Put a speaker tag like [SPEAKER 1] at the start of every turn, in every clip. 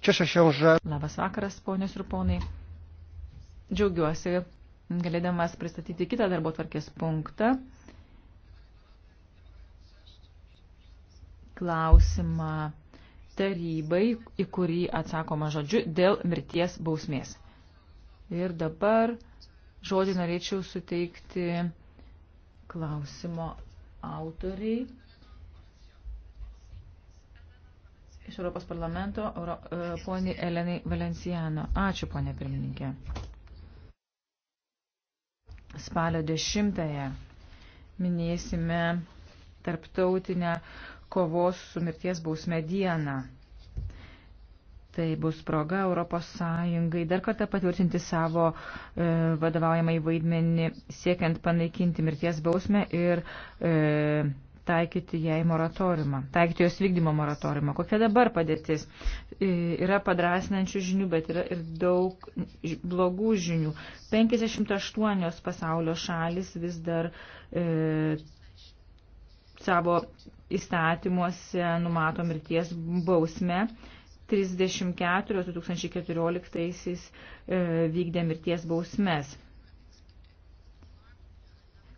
[SPEAKER 1] Cieszę się, że. Labas vakaras, ponios ir ponai. Džiaugiuosi, galėdamas pristatyti kitą darbo tvarkės punktą. Klausimą tarybai, į kurį atsakoma žodžiu dėl mirties bausmės. Ir dabar žodį norėčiau suteikti klausimo autoriai. iš Europos parlamento Euro, e, poniai Elenai Valenciano. Ačiū, ponė pirmininkė. Spalio 10-ąją minėsime tarptautinę kovos su mirties bausme dieną. Tai bus proga Europos Sąjungai dar kartą patvirtinti savo e, vadovaujamą įvaidmenį siekiant panaikinti mirties bausmę ir e, taikyti jai moratoriumą, taikyti jos vykdymo moratoriumą. Kokia dabar padėtis? E, yra padrasinančių žinių, bet yra ir daug blogų žinių. 58 pasaulio šalis vis dar e, savo įstatymuose numato mirties bausmę. 34 2014 e, vykdė mirties bausmes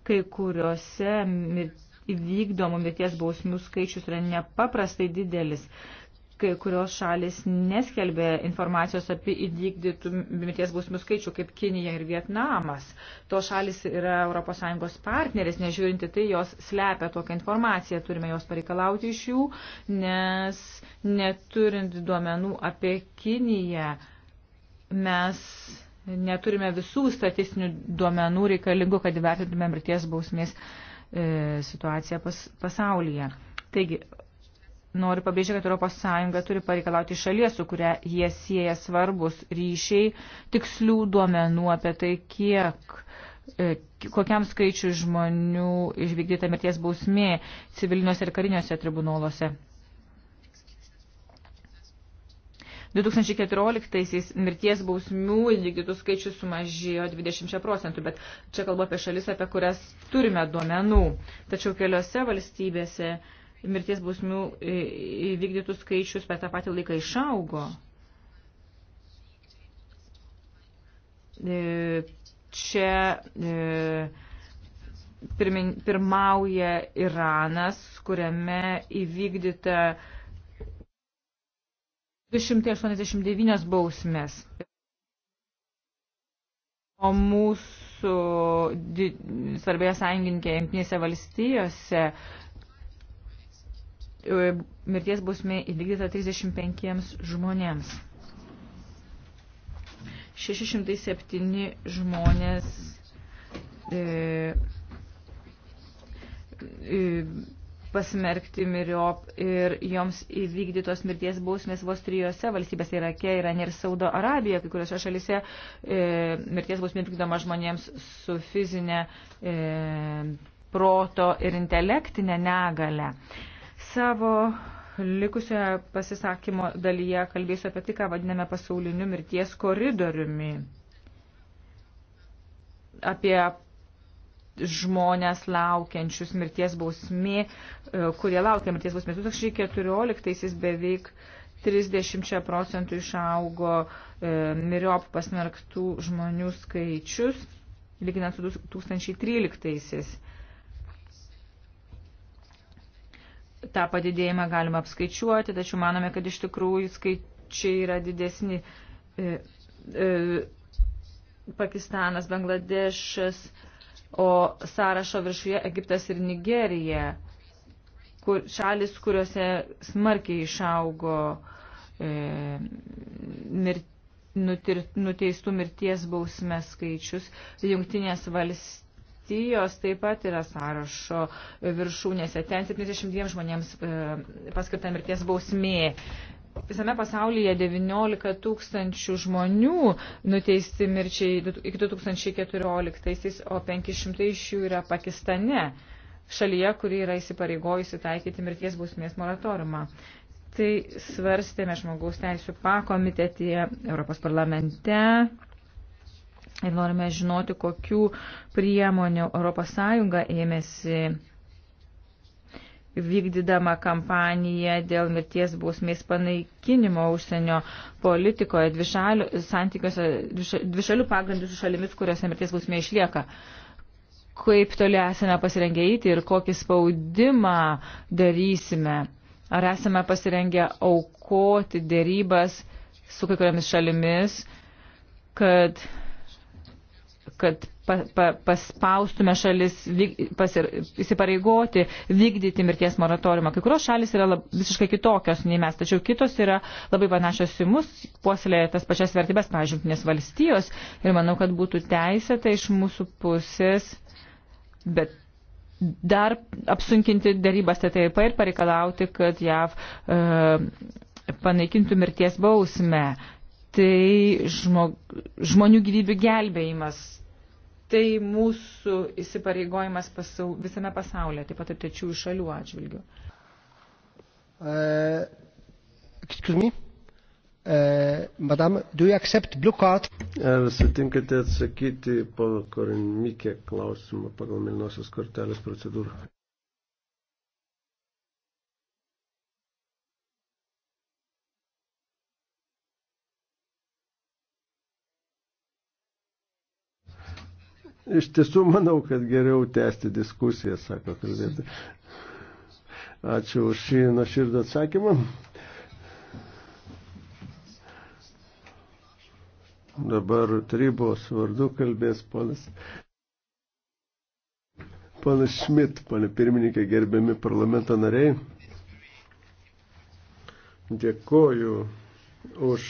[SPEAKER 1] kai kuriuose vykdomų mirties bausmių skaičius yra nepaprastai didelis kai kurios šalis neskelbė informacijos apie įvykdytų mirties bausmių skaičių, kaip Kinija ir Vietnamas. To šalis yra ES partneris, nežiūrinti tai, jos slepia tokią informaciją, turime jos pareikalauti iš jų, nes neturint duomenų apie Kiniją, mes neturime visų statistinių duomenų reikalingų, kad įvertintume mirties bausmės E, situaciją pas, pasaulyje. Taigi, noriu pabrėžti, kad ES turi pareikalauti šalies, su kuria jie sieja svarbus ryšiai, tikslių duomenų apie tai, kiek e, kokiam skaičiu žmonių išvykdyta mirties bausmė civiliniuose ir kariniuose tribunoluose. 2014-aisiais mirties bausmių įvykdytų skaičius sumažėjo 20 procentų, bet čia kalba apie šalis, apie kurias turime duomenų. Tačiau keliose valstybėse mirties bausmių įvykdytų skaičius per tą patį laiką išaugo. E, čia e, pirmin, pirmauja Iranas, kuriame įvykdyta 289 bausmės. O mūsų svarbioje sąjungininkė Junktinėse valstijose e, mirties bausmė įvykdyta 35 žmonėms. 607 žmonės e, e, pasmerkti miriop ir joms įvykdytos mirties bausmės vos trijose valstybėse Irake, Irane ir Saudo Arabija, kai kuriuose šalise e, mirties bausmė vykdoma žmonėms su fizinė e, proto ir intelektinė negale. Savo likusioje pasisakymo dalyje kalbėsiu apie tai, ką vadiname pasauliniu mirties koridoriumi. Apie žmonės laukiančius mirties bausmė, e, kurie laukia mirties bausmės. 2014 beveik 30 procentų išaugo e, miriop pasmerktų žmonių skaičius, lyginant su 2013. Ta padidėjimą galima apskaičiuoti, tačiau manome, kad iš tikrųjų skaičiai yra didesni. E, Pakistanas, Bangladešas, o sąrašo viršuje Egiptas ir Nigerija, kur, šalis, kuriuose smarkiai išaugo e, mirt, nutir, nuteistų mirties bausmės skaičius. Jungtinės valstijos taip pat yra sąrašo viršūnėse. Ten 72 žmonėms e, paskirta mirties bausmė. E, Visame pasaulyje 19 tūkstančių žmonių nuteisti mirčiai iki 2014, o 500 iš jų yra Pakistane, šalyje, kuri yra įsipareigojusi taikyti mirties bausmės moratoriumą. Tai svarstėme žmogaus teisų pakomitetėje Europos parlamente ir norime žinoti, kokių priemonių ES ėmėsi vykdydama kampaniją dėl mirties bausmės panaikinimo užsienio politikoje, dvišalių, santykiuose, dvišalių pagrindų su šalimis, kuriuose mirties bausmė išlieka. Kaip toli esame pasirengę įti ir kokį spaudimą darysime? Ar esame pasirengę aukoti dėrybas su kai kuriamis šalimis, kad kad pa, pa, paspaustume šalis vyk, pasir, įsipareigoti vykdyti mirties moratoriumą. Kai kurios šalis yra lab, visiškai kitokios nei mes, tačiau kitos yra labai panašios į mus, puoselėja tas pačias vertybės, pažiūrėtinės valstijos ir manau, kad būtų teisėta iš mūsų pusės, bet dar apsunkinti darybas TTIP ir pareikalauti, kad JAV e, panaikintų mirties bausmę tai žmog, žmonių gyvybių gelbėjimas. Tai mūsų įsipareigojimas pasau, visame pasaulyje, taip pat ir trečiųjų šalių atžvilgių.
[SPEAKER 2] Uh, excuse me. Uh, madam, do you accept blue card? Ar sutinkate atsakyti po Korinmikė klausimą pagal Milnosios kortelės procedūrą? Iš tiesų manau, kad geriau tęsti diskusiją, sako kalbėti. Ačiū už šį nuoširdą atsakymą. Dabar tarybos vardu kalbės ponas. Panas Šmit, pane pirmininkė, gerbiami parlamento nariai, dėkoju už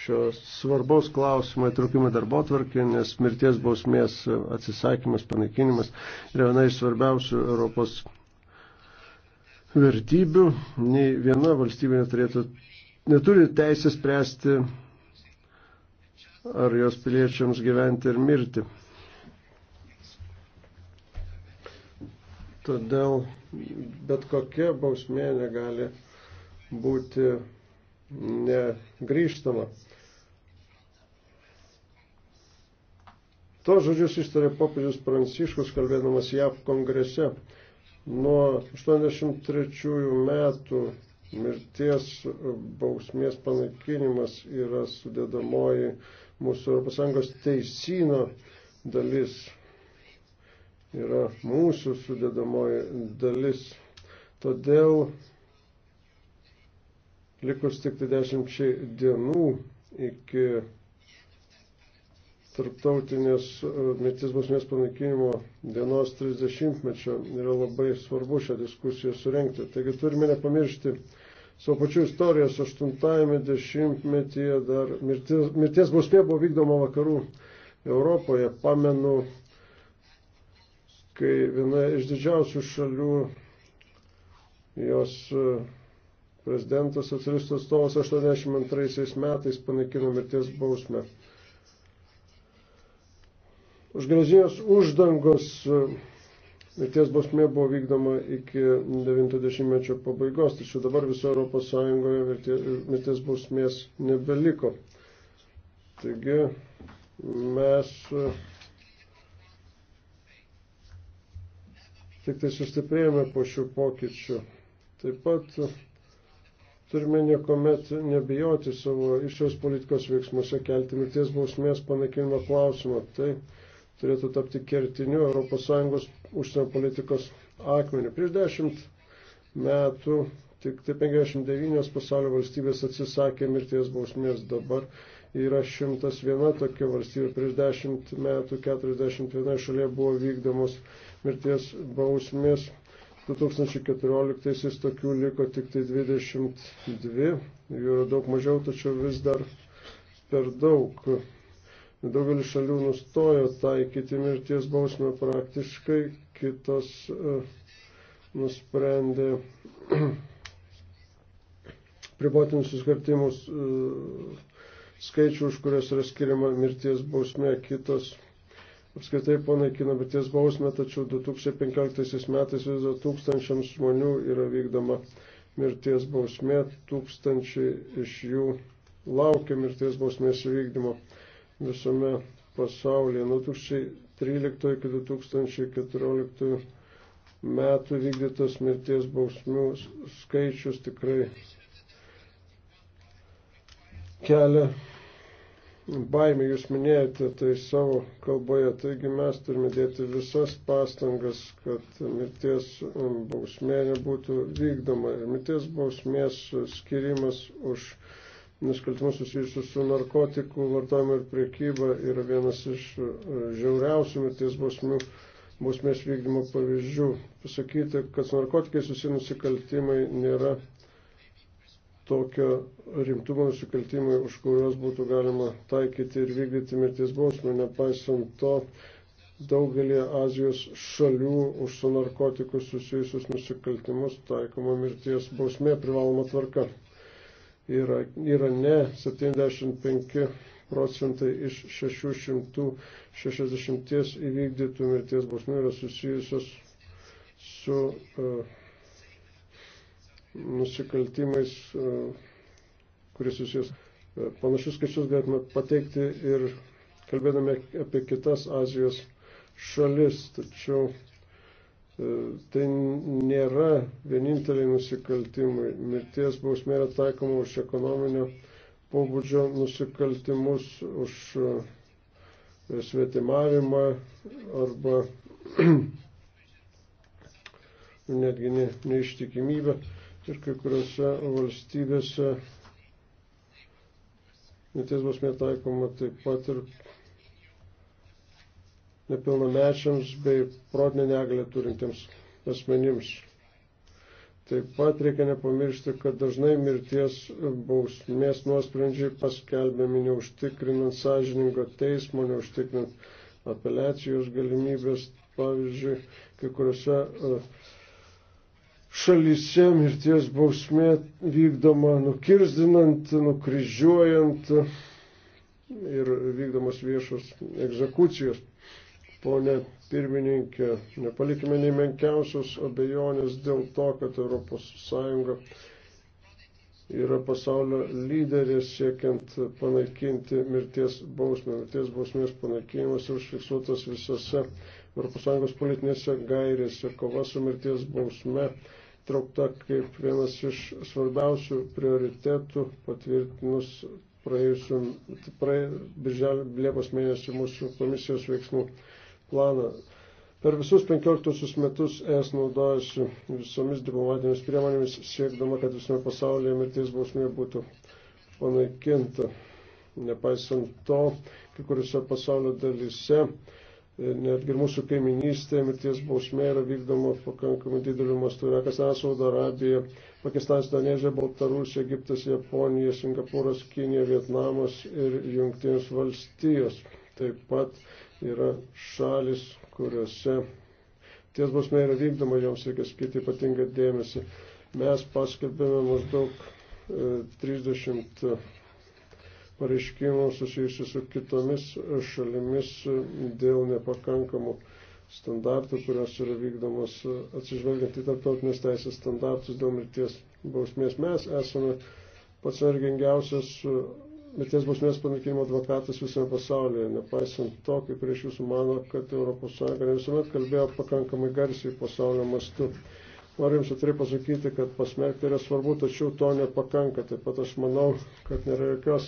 [SPEAKER 2] šios svarbaus klausimo įtraukimą darbo tvarkį, nes mirties bausmės atsisakymas, panaikinimas yra viena iš svarbiausių Europos vertybių. Nei viena valstybė neturėtų, neturi teisės spręsti, ar jos piliečiams gyventi ir mirti. Todėl bet kokia bausmė negali būti negrįžtama. To žodžius ištarė popiežius Pranciškus, kalbėdamas JAV kongrese. Nuo 83 metų mirties bausmės panaikinimas yra sudėdamoji mūsų ES teisino dalis, yra mūsų sudėdamoji dalis. Todėl likus tik 10 tai dienų iki tarptautinės e, mirties bausmės panaikinimo dienos 30-mečio yra labai svarbu šią diskusiją surenkti. Taigi turime nepamiršti savo pačių istorijos 80-ame dešimtmetyje dar mirties, mirties bausmė buvo vykdoma vakarų Europoje. Pamenu, kai viena iš didžiausių šalių jos e, prezidentas socialistų atstovas 82 metais panaikino mirties bausmę. Už geležinės uždangos e, mirties bausmė buvo vykdoma iki 90-mečio pabaigos, tačiau dabar viso Europos Sąjungoje mirties bausmės nebeliko. Taigi mes e, tik tai sustiprėjome po šių pokyčių. Taip pat e, turime niekuomet nebijoti savo išorės politikos veiksmuose kelti mirties bausmės panaikinimo klausimą. Tai turėtų tapti kertiniu ES užsienio politikos akmeniu. Prieš dešimt metų tik tai 59 pasaulio valstybės atsisakė mirties bausmės, dabar yra 101 tokia valstybė. Prieš dešimt metų 41 šalia buvo vykdomos mirties bausmės. 2014 tokių liko tik tai 22, jų yra daug mažiau, tačiau vis dar per daug. Daugelis šalių nustojo taikyti mirties bausmę praktiškai, kitos e, nusprendė priboti nusiskirtimus e, skaičių, už kurias yra skiriama mirties bausmė, kitos apskritai panaikina mirties bausmę, tačiau 2015 metais vis dar tūkstančiams žmonių yra vykdoma mirties bausmė, tūkstančiai iš jų laukia mirties bausmės vykdymo visame pasaulyje. Nuo 2013 iki 2014 metų vykdytas mirties bausmių skaičius tikrai kelia baimę, jūs minėjote tai savo kalboje, taigi mes turime dėti visas pastangas, kad mirties bausmė nebūtų vykdoma ir mirties bausmės skirimas už nusikaltimus susijusius su narkotikų vartojimu ir priekyba yra vienas iš e, žiauriausių mirties bausmių bausmės vykdymo pavyzdžių. Pasakyti, kad su narkotikai susiję nusikaltimai nėra tokio rimtumo nusikaltimai, už kuriuos būtų galima taikyti ir vykdyti mirties bausmę, nepaisant to, daugelį Azijos šalių už su narkotikus susijusius nusikaltimus taikoma mirties bausmė privaloma tvarka yra, yra ne 75 procentai iš 660 įvykdytų mirties bausmių yra susijusios su uh, nusikaltimais, uh, e, kuris susijęs. Uh, panašius skaičius galėtume pateikti ir kalbėdami apie kitas Azijos šalis, tačiau E, tai nėra vieninteliai nusikaltimai. Mirties bausmė yra taikoma už ekonominio pobūdžio nusikaltimus, už e, svetimavimą arba netgi ne, neištikimybę. Ir kai kuriuose valstybėse mirties bausmė taikoma taip pat ir nepilnamečiams bei protinę negalę turintiems asmenims. Taip pat reikia nepamiršti, kad dažnai mirties bausmės nuosprendžiai paskelbėmi neužtikrinant sąžiningo teismo, neužtikrinant apeliacijos galimybės. Pavyzdžiui, kai kuriuose uh, šalyse mirties bausmė vykdoma nukirzdinant, nukryžiuojant ir vykdomas viešos egzekucijos. Pone pirmininkė, nepalikime nei menkiausios abejonės dėl to, kad ES yra pasaulio lyderė siekiant panaikinti mirties bausmę. Mirties bausmės panaikinimas yra užfiksuotas visose ES politinėse gairėse. Kova su mirties bausme traukta kaip vienas iš svarbiausių prioritetų patvirtinus praėjusiu, praė, birželio, liepos mėnesį mūsų komisijos veiksmų planą. Per visus 15 metus es naudojasi visomis diplomatinėmis priemonėmis, siekdama, kad visame pasaulyje mirties bausmė būtų panaikinta. Nepaisant to, kai kuriuose pasaulio dalyse, e, netgi ir mūsų kaiminystėje mirties bausmė yra vykdoma pakankamai dideliu mastu. Kazanas, Saudo Arabija, Pakistanas, Danėžė, Baltarusija, Egiptas, Japonija, Singapūras, Kinija, Vietnamas ir Junktinės valstijos. Taip pat Yra šalis, kuriuose ties bausmė yra vykdoma, joms reikia skirti ypatingą dėmesį. Mes paskelbėme maždaug 30 e, pareiškimų susijusių su kitomis šalimis e, dėl nepakankamų standartų, kurios yra vykdomos e, atsižvelgiant į tarptautinės teisės standartus dėl mirties bausmės. Mes esame pats energingiausias mirties bausmės panaikinimo advokatas visame pasaulyje, nepaisant to, kaip prieš jūsų mano, kad ES ne visuomet kalbėjo pakankamai garsiai pasaulio mastu. Noriu Jums atvirai pasakyti, kad pasmerkti yra svarbu, tačiau to nepakanka. Taip pat aš manau, kad nėra jokios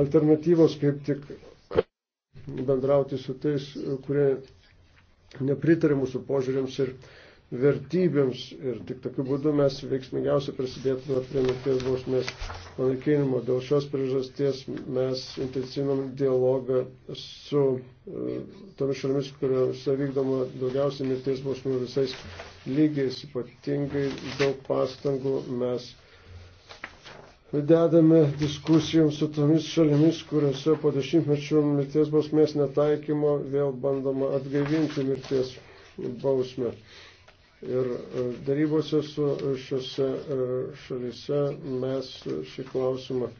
[SPEAKER 2] alternatyvos, kaip tik bendrauti su tais, kurie nepritarė mūsų požiūrėms ir vertybėms ir tik tokiu būdu mes veiksmingiausiai prisidėtume prie mirties bausmės panaikinimo. Dėl šios priežasties mes intensyvinam dialogą su e, tomis šalimis, kuriuose vykdoma daugiausiai mirties bausmų visais lygiais, ypatingai daug pastangų mes dedame diskusijoms su tomis šalimis, kuriuose po dešimtmečių mirties bausmės netaikymo vėl bandoma atgaivinti mirties bausmę. Ir e, darybose su e, šiuose e, šalyse mes šį klausimą,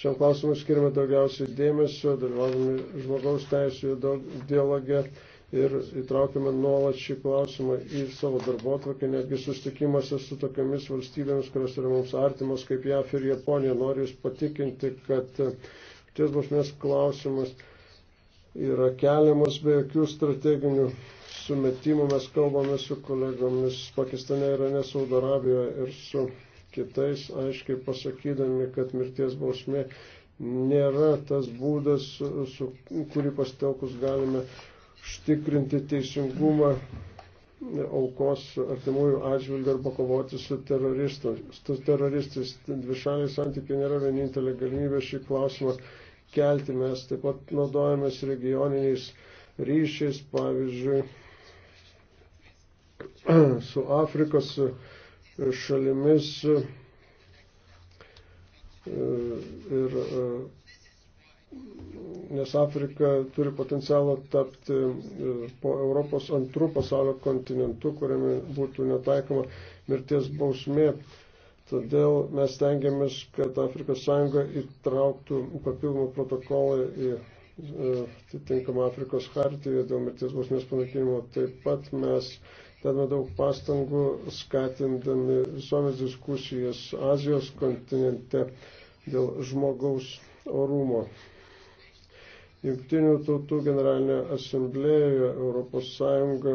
[SPEAKER 2] šiam klausimui skirime daugiausiai dėmesio, dalyvaudami žmogaus teisų dialoge ir įtraukime nuolat šį klausimą į savo darbotvarkę, netgi sustikimuose su tokiamis valstybėmis, kurios yra mums artimos, kaip JAF ir Japonija. Noriu Jūs patikinti, kad ties bausmės klausimas yra keliamas be jokių strateginių sumetimų mes kalbame su kolegomis Pakistane, Irane, Saudo Arabijoje ir su kitais, aiškiai pasakydami, kad mirties bausmė nėra tas būdas, su kurį pastelkus galime štikrinti teisingumą aukos artimųjų atžvilgių arba kovoti su teroristais. Dvišaliai santykiai nėra vienintelė galimybė šį klausimą kelti. Mes taip pat naudojamės regioniniais ryšiais, pavyzdžiui, su Afrikos e, šalimis e, ir e, nes Afrika turi potencialą tapti po Europos antrų pasaulio kontinentu, kuriame būtų netaikoma mirties bausmė. Todėl mes tengiamės, kad Afrikos Sąjunga įtrauktų papildomą protokolą į atitinkamą Afrikos hartiją dėl mirties bausmės panaikinimo. Taip pat mes Dedame daug pastangų skatindami visuomis diskusijas Azijos kontinente dėl žmogaus orumo. Junktinių tautų generalinė asamblėja Europos Sąjunga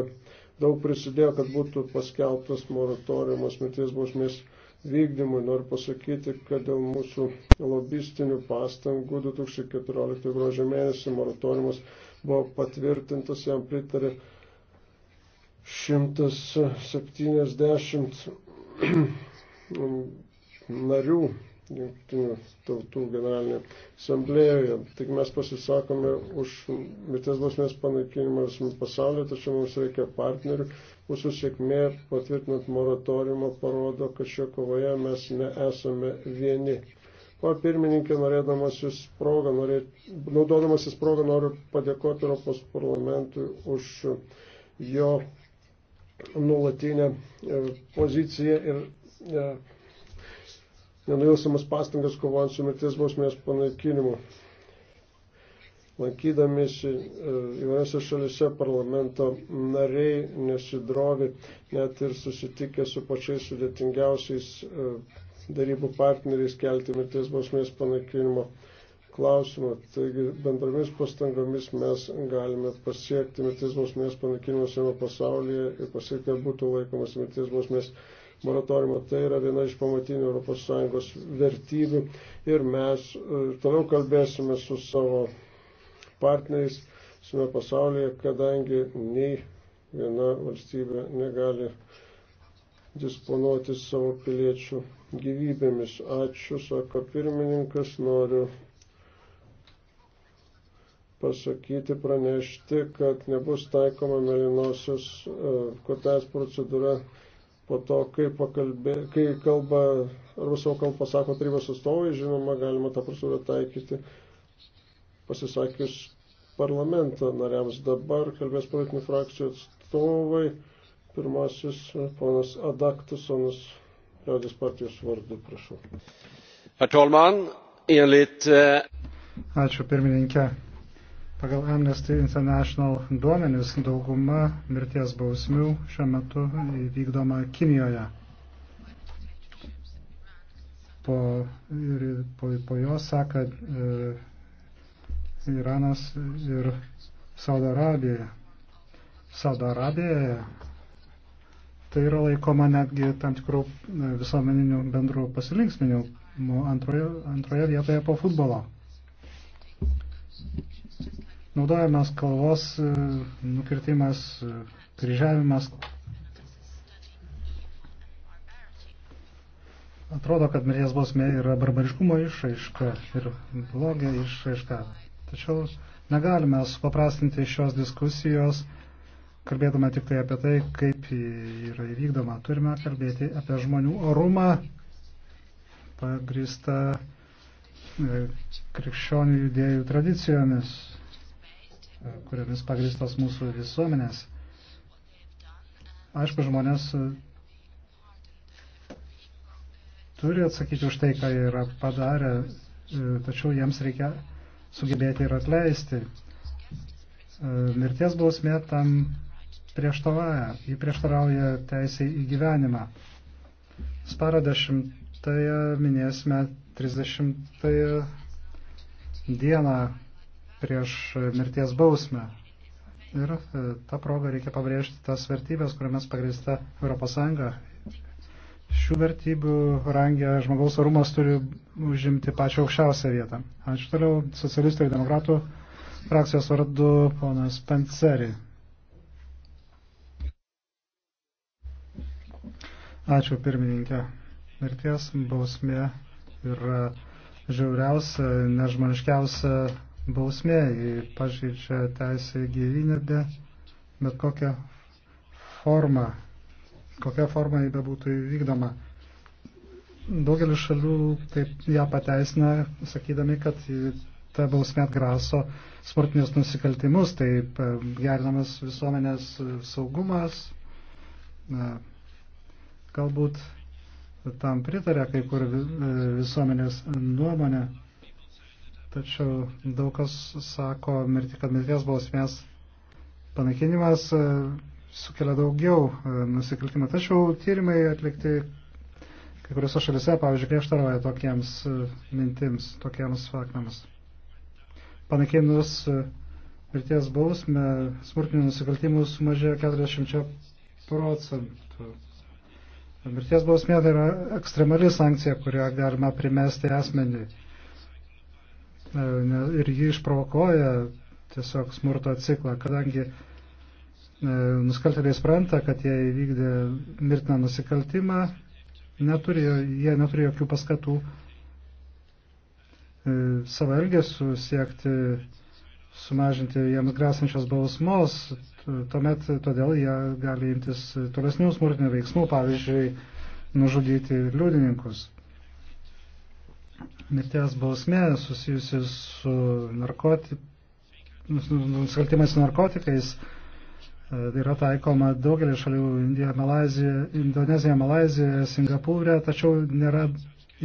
[SPEAKER 2] daug prisidėjo, kad būtų paskelbtas moratoriumas mirties bausmės vykdymui. Noriu pasakyti, kad dėl mūsų lobistinių pastangų 2014 gruodžio mėnesį moratoriumas buvo patvirtintas, jam pritarė 170 narių Junktinių tautų generalinėje asamblėjoje. Tik mes pasisakome už mirties bausmės panaikinimą visame pasaulyje, tačiau mums reikia partnerių. Mūsų sėkmė patvirtinant moratoriumą parodo, kad šio kovoje mes nesame vieni. O pirmininkė, norėdamasis progą, norė, naudodamasis progą, noriu padėkoti Europos parlamentui už jo nulatinę e, poziciją ir e, nenuilsamas pastangas kovojant su mirties bausmės panaikinimu. Lankydamėsi e, įvairiose šalise parlamento nariai nesidrovi, net ir susitikę su pačiais sudėtingiausiais darybų partneriais kelti mirties bausmės panaikinimo klausimą. Taigi bendromis pastangomis mes galime pasiekti mirties bausmės panaikinimo visame pasaulyje ir pasiekti, kad būtų laikomas mirties bausmės moratoriumo. Tai yra viena iš pamatinių ES vertybių ir mes e, toliau kalbėsime su savo partneriais visame pasaulyje, kadangi nei viena valstybė negali disponuoti savo piliečių gyvybėmis. Ačiū, sako pirmininkas, noriu pasakyti, pranešti, kad nebus taikoma mėlynosios e, kortelės procedūra po to, kai, pakalbė, kai kalba arba savo kalbą pasako tarybos atstovai, žinoma, galima tą procedūrą taikyti pasisakius parlamento nariams. Dabar kalbės politinių frakcijų atstovai. Pirmasis ponas Adaktusonas, Liaudės partijos vardu, prašau. Herr Tolman, enligt... E,
[SPEAKER 3] Ačiū pirmininkė. Pagal Amnesty International duomenis dauguma mirties bausmių šiuo metu vykdoma Kinijoje. Po, ir, po, po jos seka e, Iranas ir Saudo Arabija. Saudo Arabijoje tai yra laikoma netgi tam tikrų e, visuomeninių bendrų pasilinksminių antroje, antroje vietoje po futbolo. Naudojamas kalvos e, nukirtimas, e, kryžiavimas. Atrodo, kad mirties bausmė yra barbariškumo išraiška ir blogio išraiška. Tačiau negalime supaprastinti šios diskusijos, kalbėdama tik tai apie tai, kaip yra įvykdoma. Turime kalbėti apie žmonių orumą, pagrįstą e, krikščionių judėjų tradicijomis kuriomis pagristos mūsų visuomenės. Aišku, žmonės e, turi atsakyti už tai, ką yra padarę, e, tačiau jiems reikia sugebėti ir atleisti. E, mirties bausmė tam prieštarauja, jį prieštarauja teisai į gyvenimą. Sparo 10 minėsime 30 dieną prieš mirties bausmę. Ir e, tą progą reikia pabrėžti tas vertybės, kuriamis pagrįsta ES. Šių vertybių rangė žmogaus orumas turi užimti pačią aukščiausią vietą. Ačiū toliau socialistų ir demokratų frakcijos vardu ponas Panceri. Ačiū pirmininkė. Mirties bausmė yra žiauriausia, nežmoniškiausia bausmė, jei pažeidžia teisę į gyvybę, bet kokią formą, kokią formą jį bebūtų įvykdoma. Daugelis šalių taip ją pateisina, sakydami, kad ta bausmė atgraso sportinius nusikaltimus, taip gerinamas visuomenės saugumas. Galbūt tam pritarė kai kur e, visuomenės nuomonė. Tačiau daug kas sako, kad mirties bausmės panaikinimas e, sukelia daugiau e, nusikaltimų. Tačiau tyrimai atlikti kai kuriuose šalise, pavyzdžiui, prieštaroja tokiems e, mintims, tokiems faktams. Panaikinus mirties bausmę, smurtinių nusikaltimų sumažėjo 40 procentų. Mirties bausmė tai yra ekstremali sankcija, kurią galima primesti asmeniui ir jį išprovokoja tiesiog smurto ciklą, kadangi nusikaltėliai supranta, kad jie įvykdė mirtiną nusikaltimą, neturi, jie neturi jokių paskatų e, savo elgesių siekti sumažinti jiems grėsančios bausmos, tuomet todėl jie gali imtis tolesnių smurtinių veiksmų, pavyzdžiui, nužudyti liudininkus mirties bausmė susijusi su narkoti... nusikaltimais narkotikais e, yra taikoma daugelį šalių Indija, Malazija, Indonezija, Malazija, Singapūrė, tačiau nėra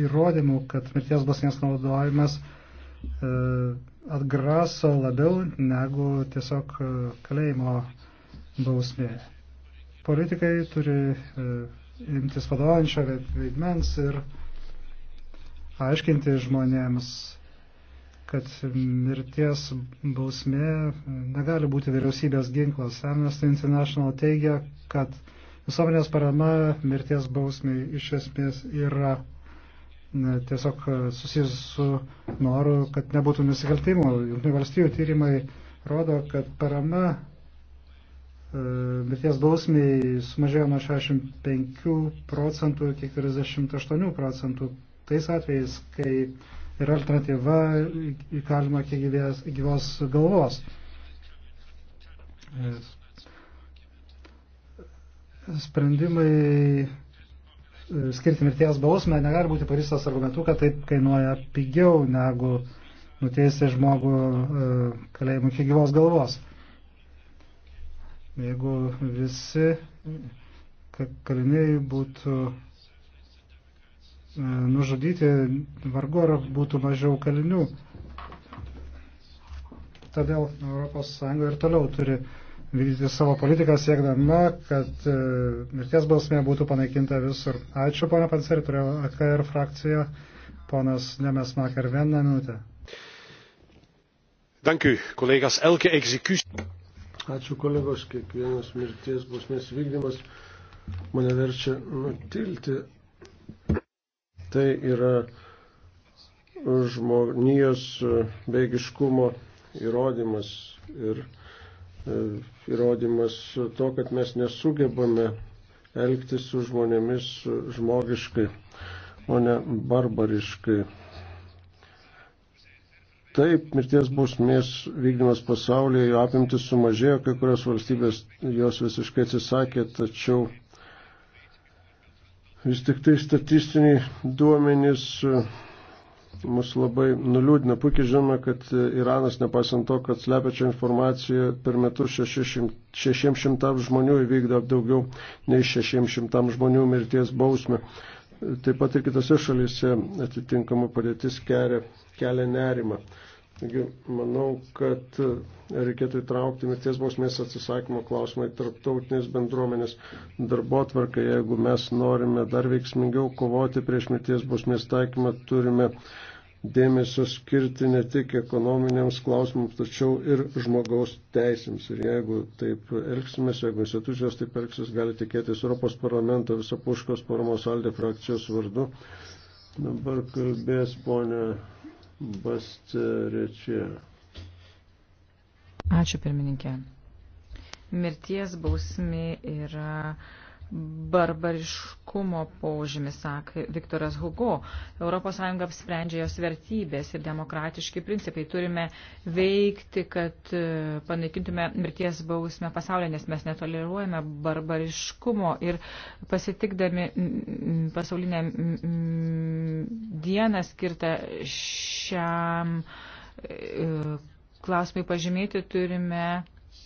[SPEAKER 3] įrodymų, kad mirties bausmės naudojimas e, atgraso labiau negu tiesiog e, kalėjimo bausmė. Politikai turi imtis vadovančio veidmens ir aiškinti žmonėms, kad mirties bausmė negali būti vyriausybės ginklas. Amnesty International teigia, kad visuomenės parama mirties bausmiai iš esmės yra ne, tiesiog susijęs su noru, kad nebūtų nusikaltimų. Junktinių valstybių tyrimai rodo, kad parama e, mirties bausmiai sumažėjo nuo 65 procentų iki 38 procentų tais atvejais, kai yra alternatyva įkalima iki gyvės, gyvos galvos. Sprendimai e, skirti mirties bausmę negali būti paristas argumentu, kad taip kainuoja pigiau negu nuteisti žmogų e, kalėjimu iki gyvos galvos. Jeigu visi kaliniai būtų E, nužudyti, vargu ar būtų mažiau kalinių. Todėl ES ir toliau turi vykdyti savo politiką siekdama, kad e, mirties bausmė būtų panaikinta visur. Ačiū, ponia Panseri, turėjau AKR frakciją, ponas Nemes Makar, vieną minutę. Dank u, collega's. Elke executie.
[SPEAKER 2] Ačiū kolegos, kiekvienas mirties bausmės vykdymas mane verčia nutilti. Tai yra žmonijos e, beigiškumo įrodymas ir e, įrodymas to, kad mes nesugebame elgtis su žmonėmis žmogiškai, o ne barbariškai. Taip, mirties bausmės vykdymas pasaulyje, jo apimtis sumažėjo, kai kurios valstybės jos visiškai atsisakė, tačiau Vis tik tai statistiniai duomenys e, mus labai nuliūdina. Puikiai žinome, kad e, Iranas, nepaisant to, kad slepia čia informaciją, per metus 600 žmonių įvykdo daugiau nei 600 žmonių mirties bausmę. E, taip pat ir kitose šalyse atitinkama padėtis kelia, kelia nerimą. Taigi, manau, kad reikėtų įtraukti mirties bausmės atsisakymo klausimą į tarptautinės bendruomenės darbo tvarką. Jeigu mes norime dar veiksmingiau kovoti prieš mirties bausmės taikymą, turime dėmesio skirti ne tik ekonominiams klausimams, tačiau ir žmogaus teisėms. Ir jeigu taip elgsimės, jeigu institucijos taip elgsis, gali tikėtis Europos parlamento visapuškos paramos aldė frakcijos vardu. Dabar kalbės ponė Bastarečia.
[SPEAKER 1] Ačiū pirmininkė. Mirties bausmė yra barbariškumo požymis, sakė Viktoras Hugo. ES apsprendžia jos vertybės ir demokratiški principai. Turime veikti, kad e, panaikintume mirties bausmę pasaulyje, nes mes netoleruojame barbariškumo ir pasitikdami pasaulinę dieną skirtą šiam e, klausimai pažymėti turime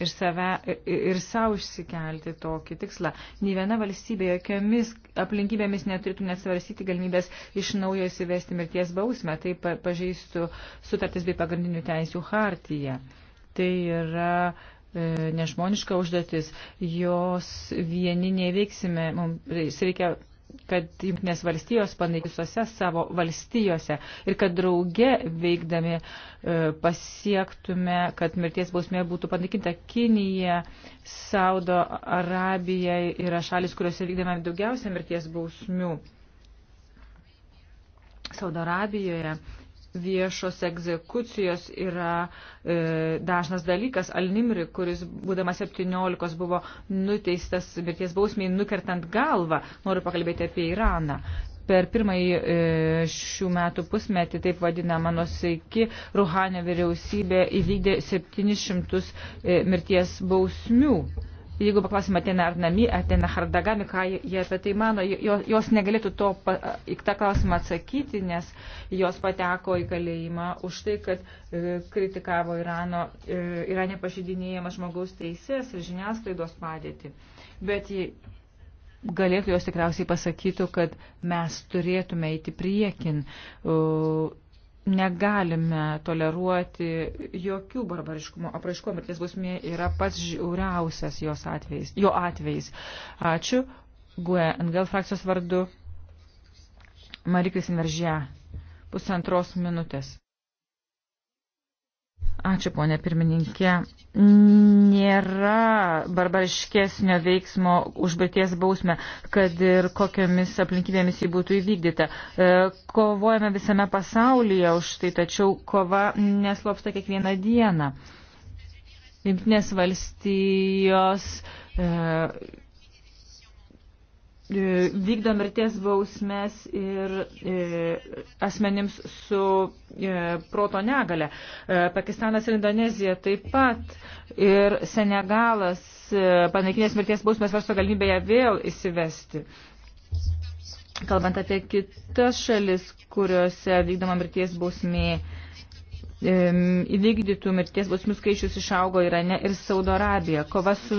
[SPEAKER 1] ir, save, ir savo išsikelti tokį tikslą. Nė viena valstybė jokiamis aplinkybėmis neturėtų nesvarstyti galimybės iš naujo įsivesti mirties bausmę, tai pa, pažeistų sutartis bei pagrindinių teisų hartiją. Tai yra e, nežmoniška užduotis, jos vieni neveiksime, mums reikia kad jungtinės valstijos panaikys visose savo valstijose ir kad drauge veikdami e, pasiektume, kad mirties bausmė būtų panaikinta Kinija, Saudo Arabija yra šalis, kuriuose vykdame daugiausia mirties bausmių. Saudo Arabijoje viešos egzekucijos yra e, dažnas dalykas. Alnimri, kuris būdamas 17 buvo nuteistas mirties bausmiai nukertant galvą, noriu pakalbėti apie Iraną. Per pirmąjį e, šių metų pusmetį, taip vadinama, nusaiki Ruhanė vyriausybė įvykdė 700 e, mirties bausmių jeigu paklausime Atena Arnami, Atena Hardagami, ką jie apie tai mano, jos negalėtų to, į tą klausimą atsakyti, nes jos pateko į kalėjimą už tai, kad e, kritikavo Irano, e, Irane pažydinėjama žmogaus teisės ir žiniasklaidos padėti. Bet jie galėtų jos tikriausiai pasakytų, kad mes turėtume eiti priekin. Uh, negalime toleruoti jokių barbariškumo apraiškų. Mirties bausmė yra pats žiauriausias jos atvejais, jo atvejais. Ačiū. GUE NGL frakcijos vardu Marikis Veržė. Pusantros minutės. Ačiū, ponė pirmininkė. Nėra barbariškesnio veiksmo užbaities bausmę, kad ir kokiamis aplinkybėmis jį būtų įvykdyta. E, kovojame visame pasaulyje už tai, tačiau kova neslopsta kiekvieną dieną. Jungtinės valstijos. E, E, vykdo mirties bausmės ir e, asmenims su e, proto negale. E, Pakistanas ir Indonezija taip pat ir Senegalas e, panaikinės mirties bausmės varsto galimybę ją vėl įsivesti. Kalbant apie kitas šalis, kuriuose vykdoma mirties bausmė, e, įvykdytų mirties bausmių skaičius išaugo Irane ir Saudo Arabija. Kova su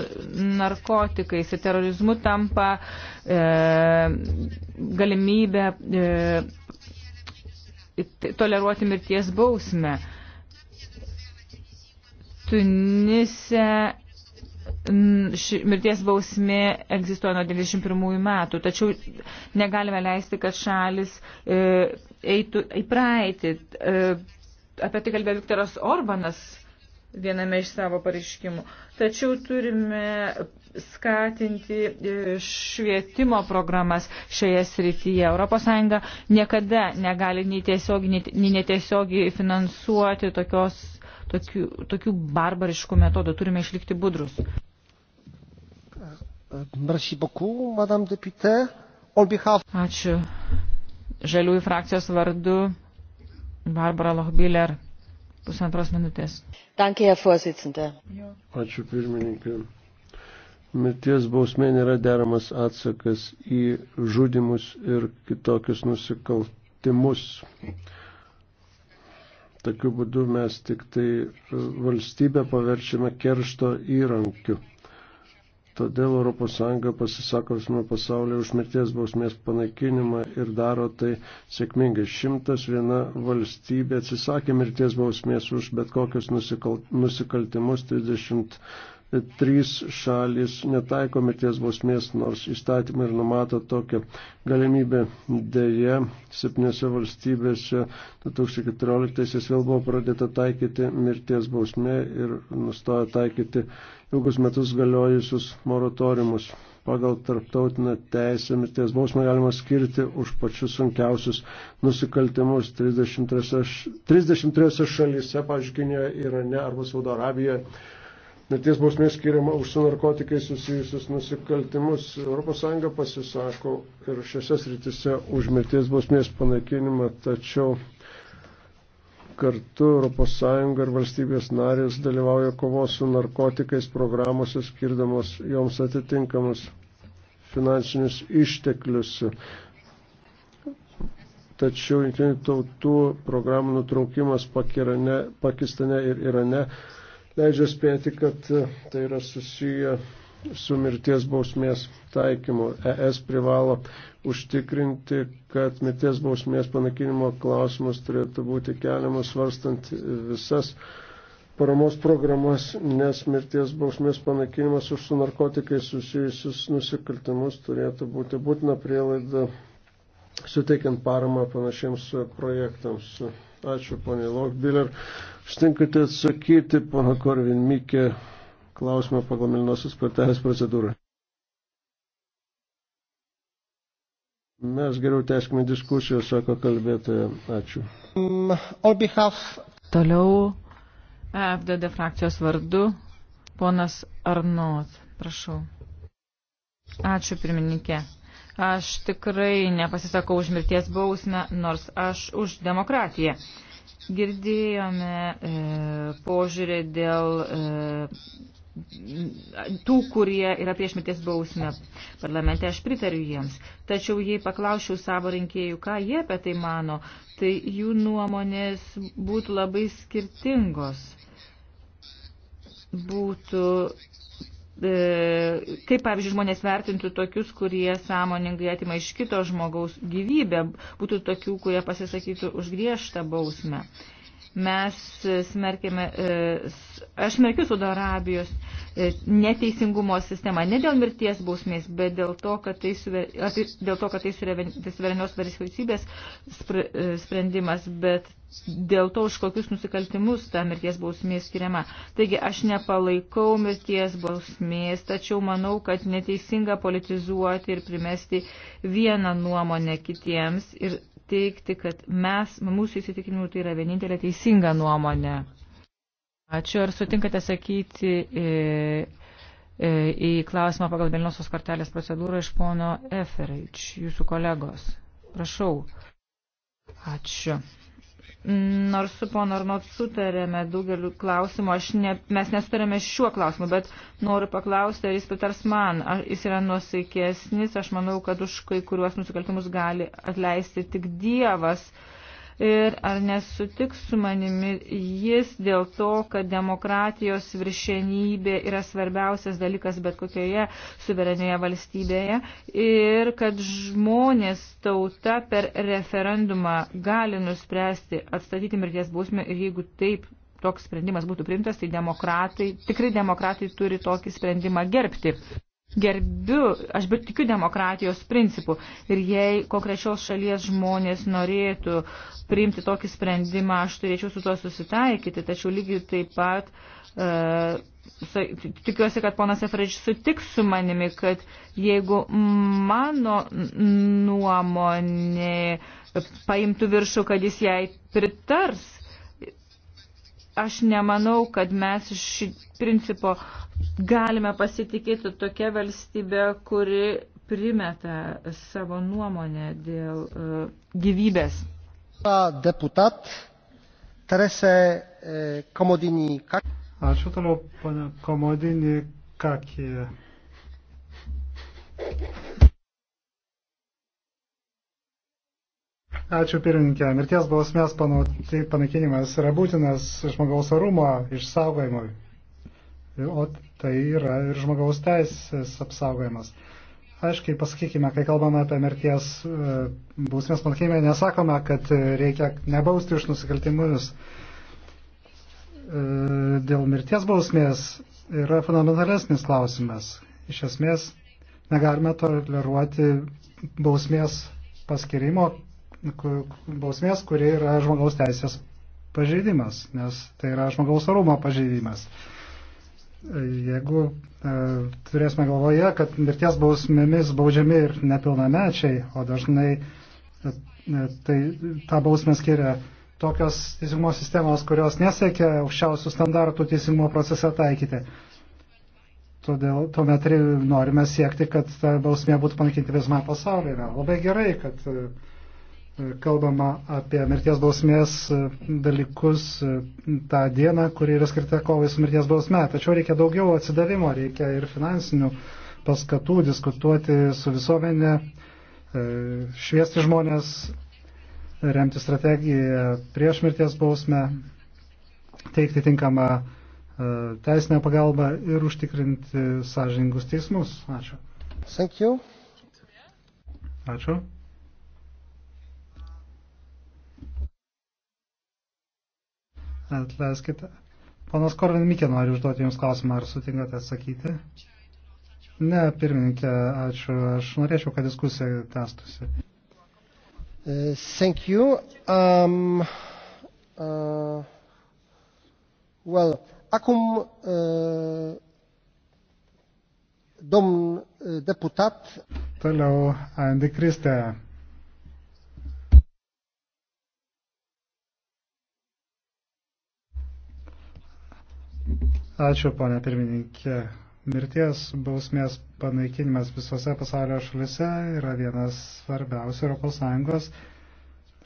[SPEAKER 1] narkotikais ir terorizmu tampa e, galimybę e, toleruoti mirties bausmę. Tunise ši mirties bausmė egzistuoja nuo 91 metų, tačiau negalime leisti, kad šalis e, eitų į praeitį. E, apie tai kalbėjo Viktoras Orbanas viename iš savo pareiškimų. Tačiau turime skatinti e, švietimo programas šioje srityje. ES niekada negali nei tiesiogiai, nei netiesiogiai finansuoti tokios, tokių, tokių barbariškų metodų. Turime išlikti budrus. Ačiū. Žaliųjų frakcijos vardu Barbara Lochbiller, pusantros minutės.
[SPEAKER 2] Danke, Herr Vorsitzende. Ačiū,
[SPEAKER 1] pirmininkai.
[SPEAKER 2] Mirties bausmė nėra deramas atsakas į žudimus ir kitokius nusikaltimus. Tokiu būdu mes tik tai valstybę paverčiame keršto įrankiu. Todėl ES pasisako visame pasaulyje už mirties bausmės panaikinimą ir daro tai sėkmingai. 101 valstybė atsisakė mirties bausmės už bet kokius nusikal... nusikaltimus, 30 trys šalis netaiko mirties bausmės, nors įstatymai ir numato tokią galimybę. Deja, septynėse valstybėse 2014-aisiais vėl buvo pradėta taikyti mirties bausmė ir nustojo taikyti ilgus metus galiojusius moratoriumus. Pagal tarptautinę teisę mirties bausmę galima skirti už pačius sunkiausius nusikaltimus 33, 33 šalyse, pažiūrėjau, Kinijoje, Irane arba Saudo Arabijoje mirties bausmė skiriama už su narkotikai susijusius nusikaltimus. ES pasisako ir šiose sritise už mirties bausmės panaikinimą, tačiau kartu ES ir valstybės narės dalyvauja kovos su narkotikais programuose skirdamos joms atitinkamus finansinius išteklius. Tačiau jungtinių tautų programų nutraukimas Pakirane, Pakistane ir Irane leidžia spėti, kad e, tai yra susiję su mirties bausmės taikymu. ES privalo užtikrinti, kad mirties bausmės panakinimo klausimas turėtų būti keliamas svarstant visas paramos programas, nes mirties bausmės panaikinimas už su narkotikai susijusius nusikaltimus turėtų būti būtina prielaida suteikiant paramą panašiems projektams. Ačiū, ponė Lokbiller. Stinkate atsakyti, pana Korvin Mikė, klausimą pagal Milinosios kortelės procedūrą. Mes geriau teskime diskusiją, sako kalbėtoja. Ačiū.
[SPEAKER 1] Mm, Toliau e FDD frakcijos vardu ponas Arnaut. Prašau. Ačiū pirmininkė. Aš tikrai nepasisakau už mirties bausmę, nors aš už demokratiją. Girdėjome e, požiūrį dėl e, tų, kurie yra prieš mirties bausmę parlamente, aš pritariu jiems. Tačiau jei paklausčiau savo rinkėjų, ką jie apie tai mano, tai jų nuomonės būtų labai skirtingos. Būtų E, kaip, pavyzdžiui, žmonės vertintų tokius, kurie sąmoningai atima iš kito žmogaus gyvybę, būtų tokių, kurie pasisakytų už griežtą bausmę. Mes e, smerkime, e, aš smerkiu Saudo Arabijos e, neteisingumo sistemą ne dėl mirties bausmės, bet dėl to, kad tai, tai- dėl to, kad tai, tai suverenios valstybės sprendimas, bet dėl to, už kokius nusikaltimus ta mirties bausmė skiriama. Taigi aš nepalaikau mirties bausmės, tačiau manau, kad neteisinga politizuoti ir primesti vieną nuomonę kitiems ir teikti, kad mes, mūsų įsitikinimu, tai yra vienintelė teisinga nuomonė. Ačiū. Ar sutinkate sakyti į, e, e, į klausimą pagal Vilniosios kortelės procedūrą iš pono Eferič, jūsų kolegos? Prašau. Ačiū. Nors su pono Arnot sutarėme daugeliu klausimų, ne, mes nesutarėme šiuo klausimu, bet noriu paklausti, ar jis pritars man, ar jis yra nusaikesnis, aš manau, kad už kai kuriuos nusikaltimus gali atleisti tik Dievas. Uh, ir ar nesutiks su manimi jis dėl to, kad demokratijos viršenybė yra svarbiausias dalykas bet kokioje suverenioje valstybėje ir kad žmonės tauta per referendumą gali nuspręsti atstatyti mirties bausmę ir jeigu taip toks sprendimas būtų priimtas, tai demokratai, tikrai demokratai turi tokį sprendimą gerbti gerbiu, aš bet tikiu demokratijos principų. Ir jei konkrečios šalies žmonės norėtų priimti tokį sprendimą, aš turėčiau su tuo susitaikyti. Tačiau lygiai taip pat uh, tikiuosi, kad ponas Efraidž sutiks su manimi, kad jeigu mano nuomonė paimtų viršų, kad jis jai pritars, aš nemanau, kad mes iš principo galime pasitikėti tokia valstybė, kuri primeta savo nuomonę dėl uh, gyvybės.
[SPEAKER 3] Deputat Terese Komodinį e, Kaki. Ačiū toliau, pana Komodinį Kaki. Ačiū pirmininkė. Mirties bausmės panaikinimas yra būtinas žmogaus orumo išsaugojimui. O tai yra ir žmogaus teisės apsaugojimas. Aiškiai pasakykime, kai kalbame apie mirties e, bausmės panaikinimą, nesakome, kad reikia nebausti už nusikaltimus. E, dėl mirties bausmės yra fundamentalesnis klausimas. Iš esmės, negalime toleruoti bausmės paskirimo bausmės, kuri yra žmogaus teisės pažeidimas, nes tai yra žmogaus orumo pažeidimas. Jeigu e, turėsime galvoje, kad mirties bausmėmis baudžiami ir nepilnamečiai, o dažnai e, e tai tą bausmę skiria tokios teisingumo sistemos, kurios nesiekia aukščiausių standartų teisingumo procese taikyti. Todėl tuomet norime siekti, kad ta bausmė būtų panaikinti visame pasaulyje. Labai gerai, kad e, kalbama apie mirties bausmės e, dalykus e, tą dieną, kuri yra skirta kovai su mirties bausme. Tačiau reikia daugiau atsidavimo, reikia ir finansinių paskatų diskutuoti su visuomenė, e, šviesti žmonės, remti strategiją prieš mirties bausmę, teikti tinkamą teisinę pagalbą ir užtikrinti sąžiningus teismus. Ačiū. Ačiū. Atleiskite. Ponas Korvin Mikė nori užduoti Jums klausimą, ar sutinkate atsakyti? Ne, pirmininkė, ačiū. Aš norėčiau, kad diskusija testusi. Uh, e, thank you. Um, uh, well, acum uh, e, domn e, deputat. Toliau, Andy Kristė. Ačiū, ponė pirmininkė. Mirties bausmės panaikinimas visose pasaulio šalise yra vienas svarbiausių ES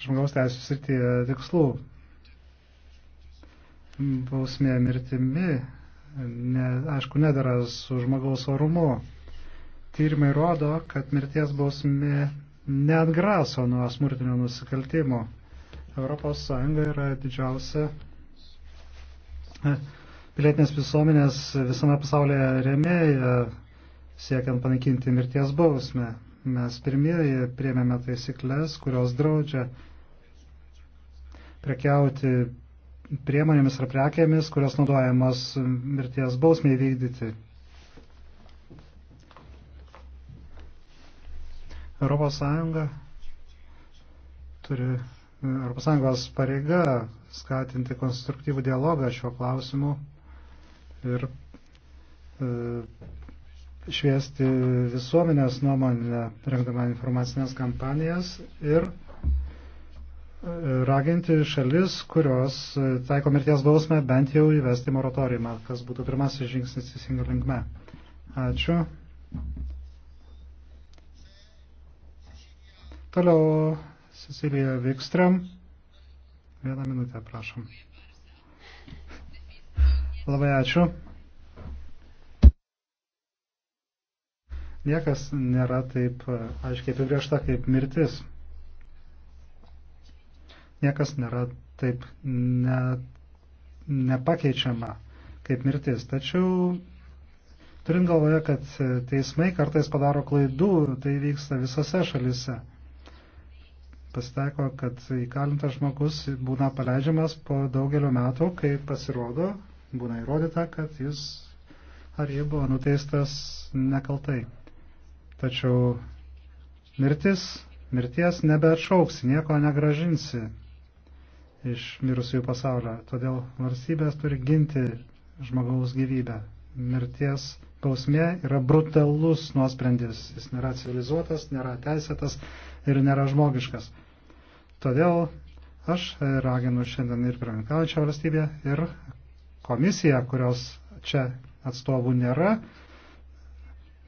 [SPEAKER 3] žmogaus teisų srityje tikslų. Bausmė mirtimi, ne, aišku, nedara su žmogaus orumu. Tyrimai rodo, kad mirties bausmė neatgraso nuo smurtinio nusikaltimo. ES yra didžiausia pilietinės visuomenės visame pasaulyje remėja siekiant panaikinti mirties bausmę. Mes pirmieji priemėme taisyklės, kurios draudžia prekiauti priemonėmis ar prekėmis, kurios naudojamos mirties bausmė įvykdyti. Europos Sąjunga turi Europos Sąjungos pareiga skatinti konstruktyvų dialogą šiuo klausimu ir e, šviesti visuomenės nuomonę, rengdama informacinės kampanijas ir e, raginti šalis, kurios e, taiko mirties bausmę, bent jau įvesti moratoriumą, kas būtų pirmasis žingsnis teisinga linkme. Ačiū. Toliau Cecilija Vikstram. Vieną minutę, prašom. Labai ačiū. Niekas nėra taip e, aiškiai apibriešta kaip mirtis. Niekas nėra taip ne, nepakeičiama kaip mirtis. Tačiau turint galvoje, kad teismai kartais padaro klaidų, tai vyksta visose šalise. Pasitaiko, kad įkalintas žmogus būna paleidžiamas po daugelio metų, kai pasirodo, būna įrodyta, kad jis ar ji buvo nuteistas nekaltai. Tačiau mirtis, mirties nebeatšauksi, nieko negražinsi iš mirusiųjų pasaulio. Todėl valstybės turi ginti žmogaus gyvybę. Mirties bausmė yra brutalus nuosprendis. Jis nėra civilizuotas, nėra teisėtas ir nėra žmogiškas. Todėl aš raginu šiandien ir pirmininkaujančią valstybę ir komisija, kurios čia atstovų nėra,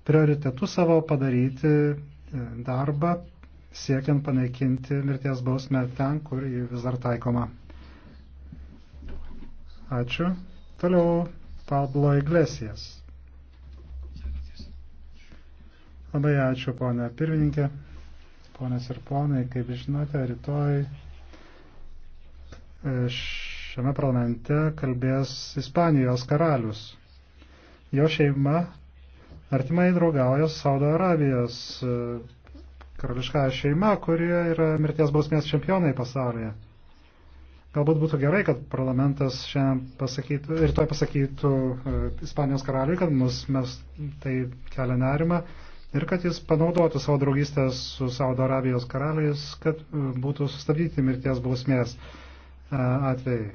[SPEAKER 3] prioritetu savo padaryti e, darbą siekiant panaikinti mirties bausmę ten, kur ji vis dar taikoma. Ačiū. Toliau Pablo Iglesijas. Labai ačiū, ponė pirmininkė. Ponas ir ponai, kaip žinote, rytoj e, š Šiame parlamente kalbės Ispanijos karalius. Jo šeima artimai draugauja Saudo Arabijos e, karališkąją šeimą, kurie yra mirties bausmės čempionai pasaulyje. Galbūt būtų gerai, kad parlamentas šiandien pasakytų, rytoj pasakytų e, Ispanijos karaliui, kad mus mes tai kelia nerima ir kad jis panaudotų savo draugystę su Saudo Arabijos karaliais, kad e, būtų sustabdyti mirties bausmės atvejai.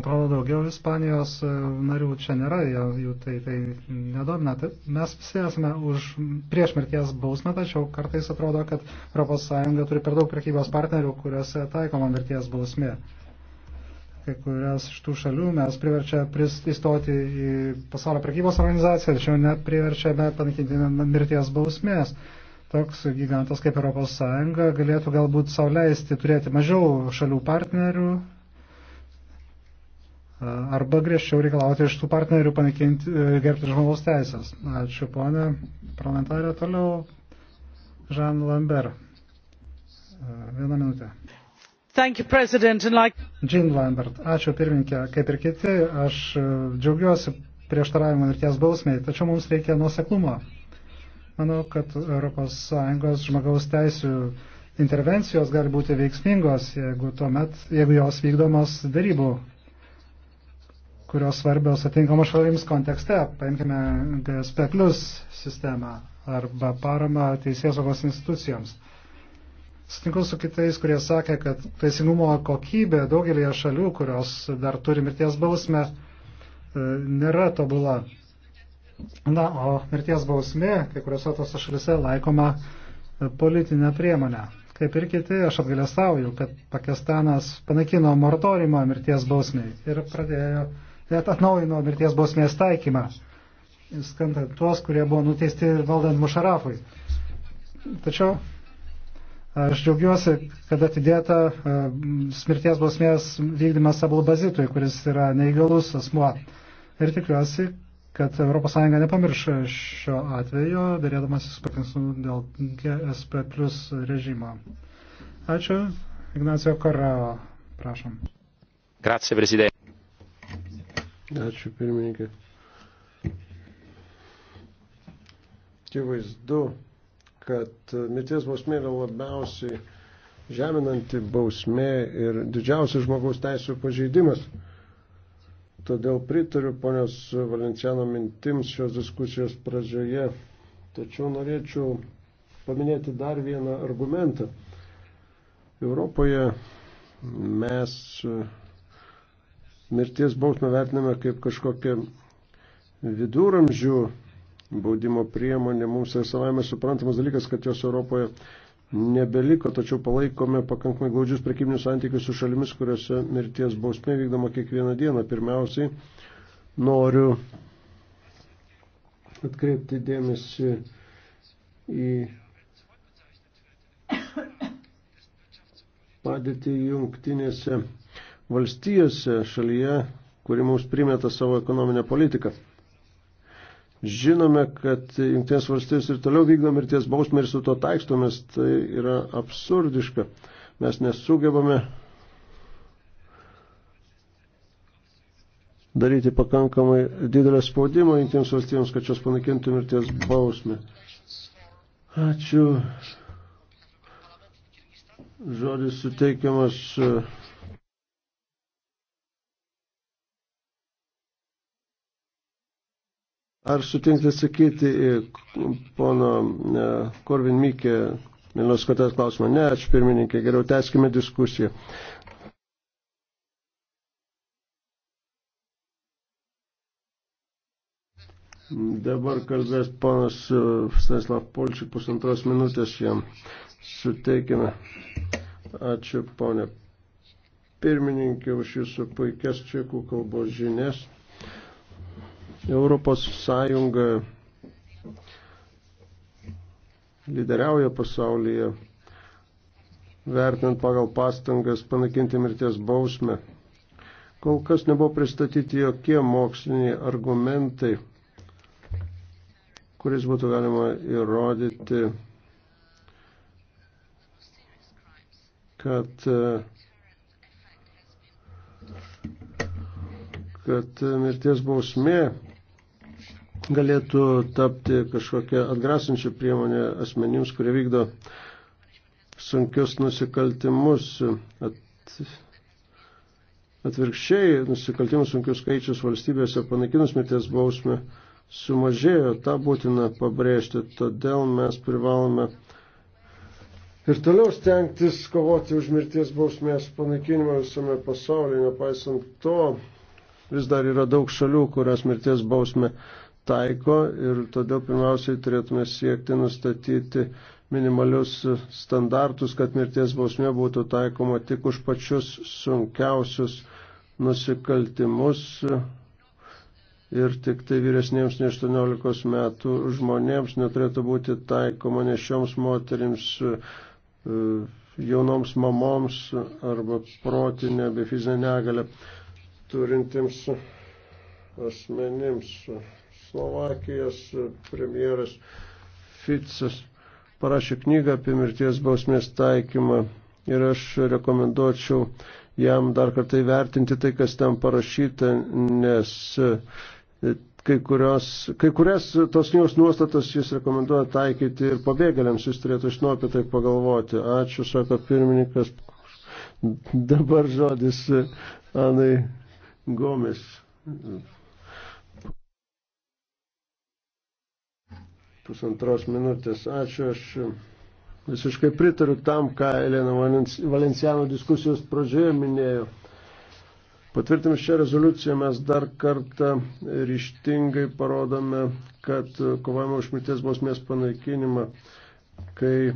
[SPEAKER 3] Atrodo, daugiau Ispanijos e, narių čia nėra, jų tai, tai nedomina. Mes visi esame už prieš mirties bausmę, tačiau kartais atrodo, kad ES turi per daug prekybos partnerių, kuriuose taikoma mirties bausmė. Kai kurias iš tų šalių mes priverčia įstoti į pasaulio prekybos organizaciją, tačiau nepriverčiame panaikinti mirties bausmės toks gigantas kaip ES galėtų galbūt sauliaisti turėti mažiau šalių partnerių arba griežčiau reikalauti iš tų partnerių panaikinti, e, gerbti žmogaus teisės. Ačiū, ponė. Parlamentarė toliau. Žan Lambert. E, Vieną minutę. Thank you, President. And like... Jean Lambert. Ačiū, pirmininkė. Kaip ir kiti, aš e, džiaugiuosi prieštaravimo mirties bausmiai, tačiau mums reikia nuoseklumo. Manau, kad ES žmogaus teisų intervencijos gali būti veiksmingos, jeigu, tuomet, jeigu jos vykdomos darybų kurios svarbios atinkamos šalims kontekste. Paimkime GSP plus sistemą arba paramą teisėsaugos institucijoms. Sutinku su kitais, kurie sakė, kad teisingumo kokybė daugelėje šalių, kurios dar turi mirties bausmę, e, nėra tobula. Na, o mirties bausmė kai kuriuose tose šalise laikoma e, politinė priemonė. Kaip ir kiti, aš apgalėstauju, kad Pakistanas panaikino moratoriumą mirties bausmiai ir pradėjo uh, Tai atnaujino mirties bausmės taikymą, skantant tuos, kurie buvo nuteisti valdant Mušarafui. Tačiau aš džiaugiuosi, kad atidėta e, mirties bausmės vykdymas Abulbazitui, kuris yra neįgalus asmuo. Ir tikiuosi, kad ES nepamirš šio atvejo, dėrėdamas su dėl GSP plus režimo. Ačiū. Ignacio Corrao, prašom.
[SPEAKER 1] Grazie, Presidente.
[SPEAKER 2] Ačiū pirmininkė. Akivaizdu, kad mirties bausmė yra labiausiai žeminanti bausmė ir didžiausias žmogaus teisų pažeidimas. Todėl pritariu ponios Valenciano mintims šios diskusijos pradžioje. Tačiau norėčiau paminėti dar vieną argumentą. Europoje mes mirties bausmę vertiname kaip kažkokią viduramžių baudimo priemonė. Mums yra savame suprantamas dalykas, kad jos Europoje nebeliko, tačiau palaikome pakankamai glaudžius prekybinius santykius su šalimis, kuriuose mirties bausmė vykdoma kiekvieną dieną. Pirmiausiai noriu atkreipti dėmesį į padėtį jungtinėse valstijose šalyje, kuri mums primeta savo ekonominę politiką. Žinome, kad Junktinės valstijos ir toliau vykdo mirties bausmę ir su to taikstomės, tai yra absurdiška. Mes nesugebame daryti pakankamai didelę spaudimą Junktinėms valstijoms, kad šios panaikintų mirties bausmę. Ačiū. Žodis suteikiamas. Uh, Ar sutinkate atsakyti į pono e, Korvin Mykė Milnos kotės klausimą? Ne, ačiū pirmininkė, geriau tęskime diskusiją. Dabar kalbės ponas e, Stanislav Polčik, pusantros minutės jam suteikime. Ačiū ponė pirmininkė už jūsų puikias čekų kalbos žinias. Europos Sąjunga lyderiauja pasaulyje, vertinant pagal pastangas panakinti mirties bausmę. Kol kas nebuvo pristatyti jokie moksliniai argumentai, kuris būtų galima įrodyti, kad kad mirties bausmė galėtų tapti kažkokią atgrasančią priemonę asmenims, kurie vykdo sunkius nusikaltimus. At, atvirkščiai, nusikaltimų sunkių skaičius valstybėse panaikinus mirties bausmę sumažėjo, tą būtina pabrėžti, todėl mes privalome ir toliau stengtis kovoti už mirties bausmės panaikinimą visame pasaulyje, nepaisant to, vis dar yra daug šalių, kurios mirties bausmę taiko ir todėl pirmiausiai turėtume siekti nustatyti minimalius standartus, kad mirties bausmė būtų taikoma tik už pačius sunkiausius nusikaltimus ir tik tai vyresniems nei 18 metų žmonėms neturėtų būti taikoma nešioms moterims, e, jaunoms mamoms arba protinę bei fizinę negalę turintiems asmenims. Slovakijos premjeras Ficas parašė knygą apie mirties bausmės taikymą ir aš rekomenduočiau jam dar kartą įvertinti tai, kas ten parašyta, nes e, kai, kurios, kai kurias tos knygos nuostatas jis rekomenduoja taikyti ir pabėgėliams, jis turėtų iš nuo apie tai pagalvoti. Ačiū, sako pirmininkas. Dabar žodis e, Anai Gomes. pusantros minutės. Ačiū, aš visiškai pritariu tam, ką Elena Valenciano diskusijos pradžioje minėjo. Patvirtinus šią rezoliuciją mes dar kartą ryštingai parodome, kad kovojame už mirties bausmės panaikinimą, kai e,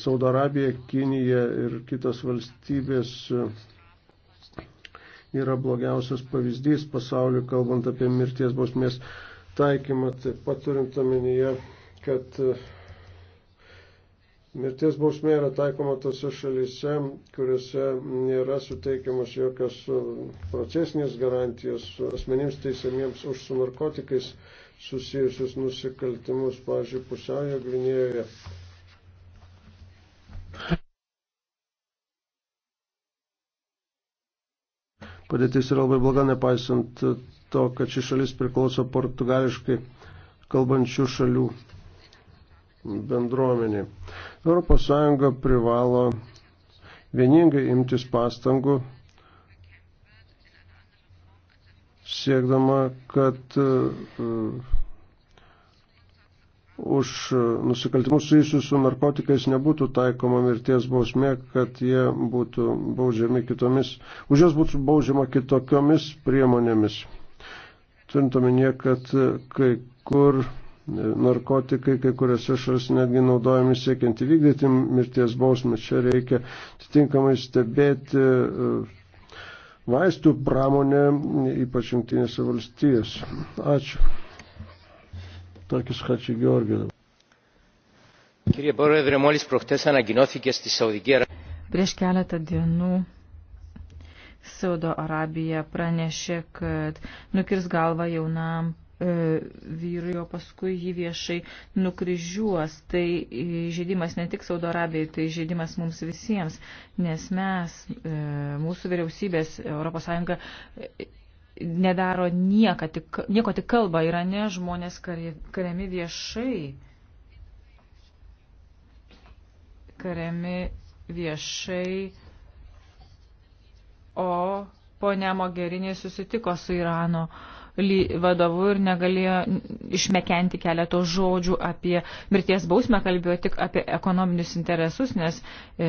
[SPEAKER 2] Saudo Arabija, Kinija ir kitos valstybės e, yra blogiausias pavyzdys pasauliu, kalbant apie mirties bausmės taikymą, taip pat turint omenyje kad e, mirties bausmė yra taikoma tose šalyse, kuriuose nėra suteikiamas jokios e, procesinės garantijos asmenims teisėmiems už su narkotikais susijusius nusikaltimus, pažiūrėjau, pusiaujo Gvinėjoje. Padėtis yra labai bloga, nepaisant to, kad ši šalis priklauso portugališkai kalbančių šalių bendruomenė. ES privalo vieningai imtis pastangų, siekdama, kad e, už nusikaltimus susijusius su narkotikais nebūtų taikoma mirties bausmė, kad jie būtų baudžiami kitomis, už jas būtų baudžiama kitokiomis priemonėmis. Turint omenyje, kad e, kai kur narkotikai kai kuriuose šalise netgi naudojami siekiant įvykdyti mirties bausmę. Čia reikia atitinkamai stebėti e, vaistų pramonę, ypač jungtinėse valstijose. Ačiū. Τάκης Χατζηγεώργιου.
[SPEAKER 1] Κύριε Πρόεδρε, μόλις προχτές ανακοινώθηκε στη Σαουδική Αραβία. Prieš keletą dienų Saudo Arabija pranešė, kad nukirs galvą jaunam E, vyrui, o paskui jį viešai nukryžiuos. Tai žaidimas ne tik Saudo Arabijai, tai žaidimas mums visiems, nes mes, e, mūsų vyriausybės, ES e, nedaro nieko, tik, nieko tik kalba, yra ne žmonės kariami viešai. Kariami viešai, o ponia Mogerinė susitiko su Irano uh, vadovu ir negalėjo išmekenti keleto žodžių apie mirties bausmę, kalbėjo tik apie ekonominius interesus, nes e,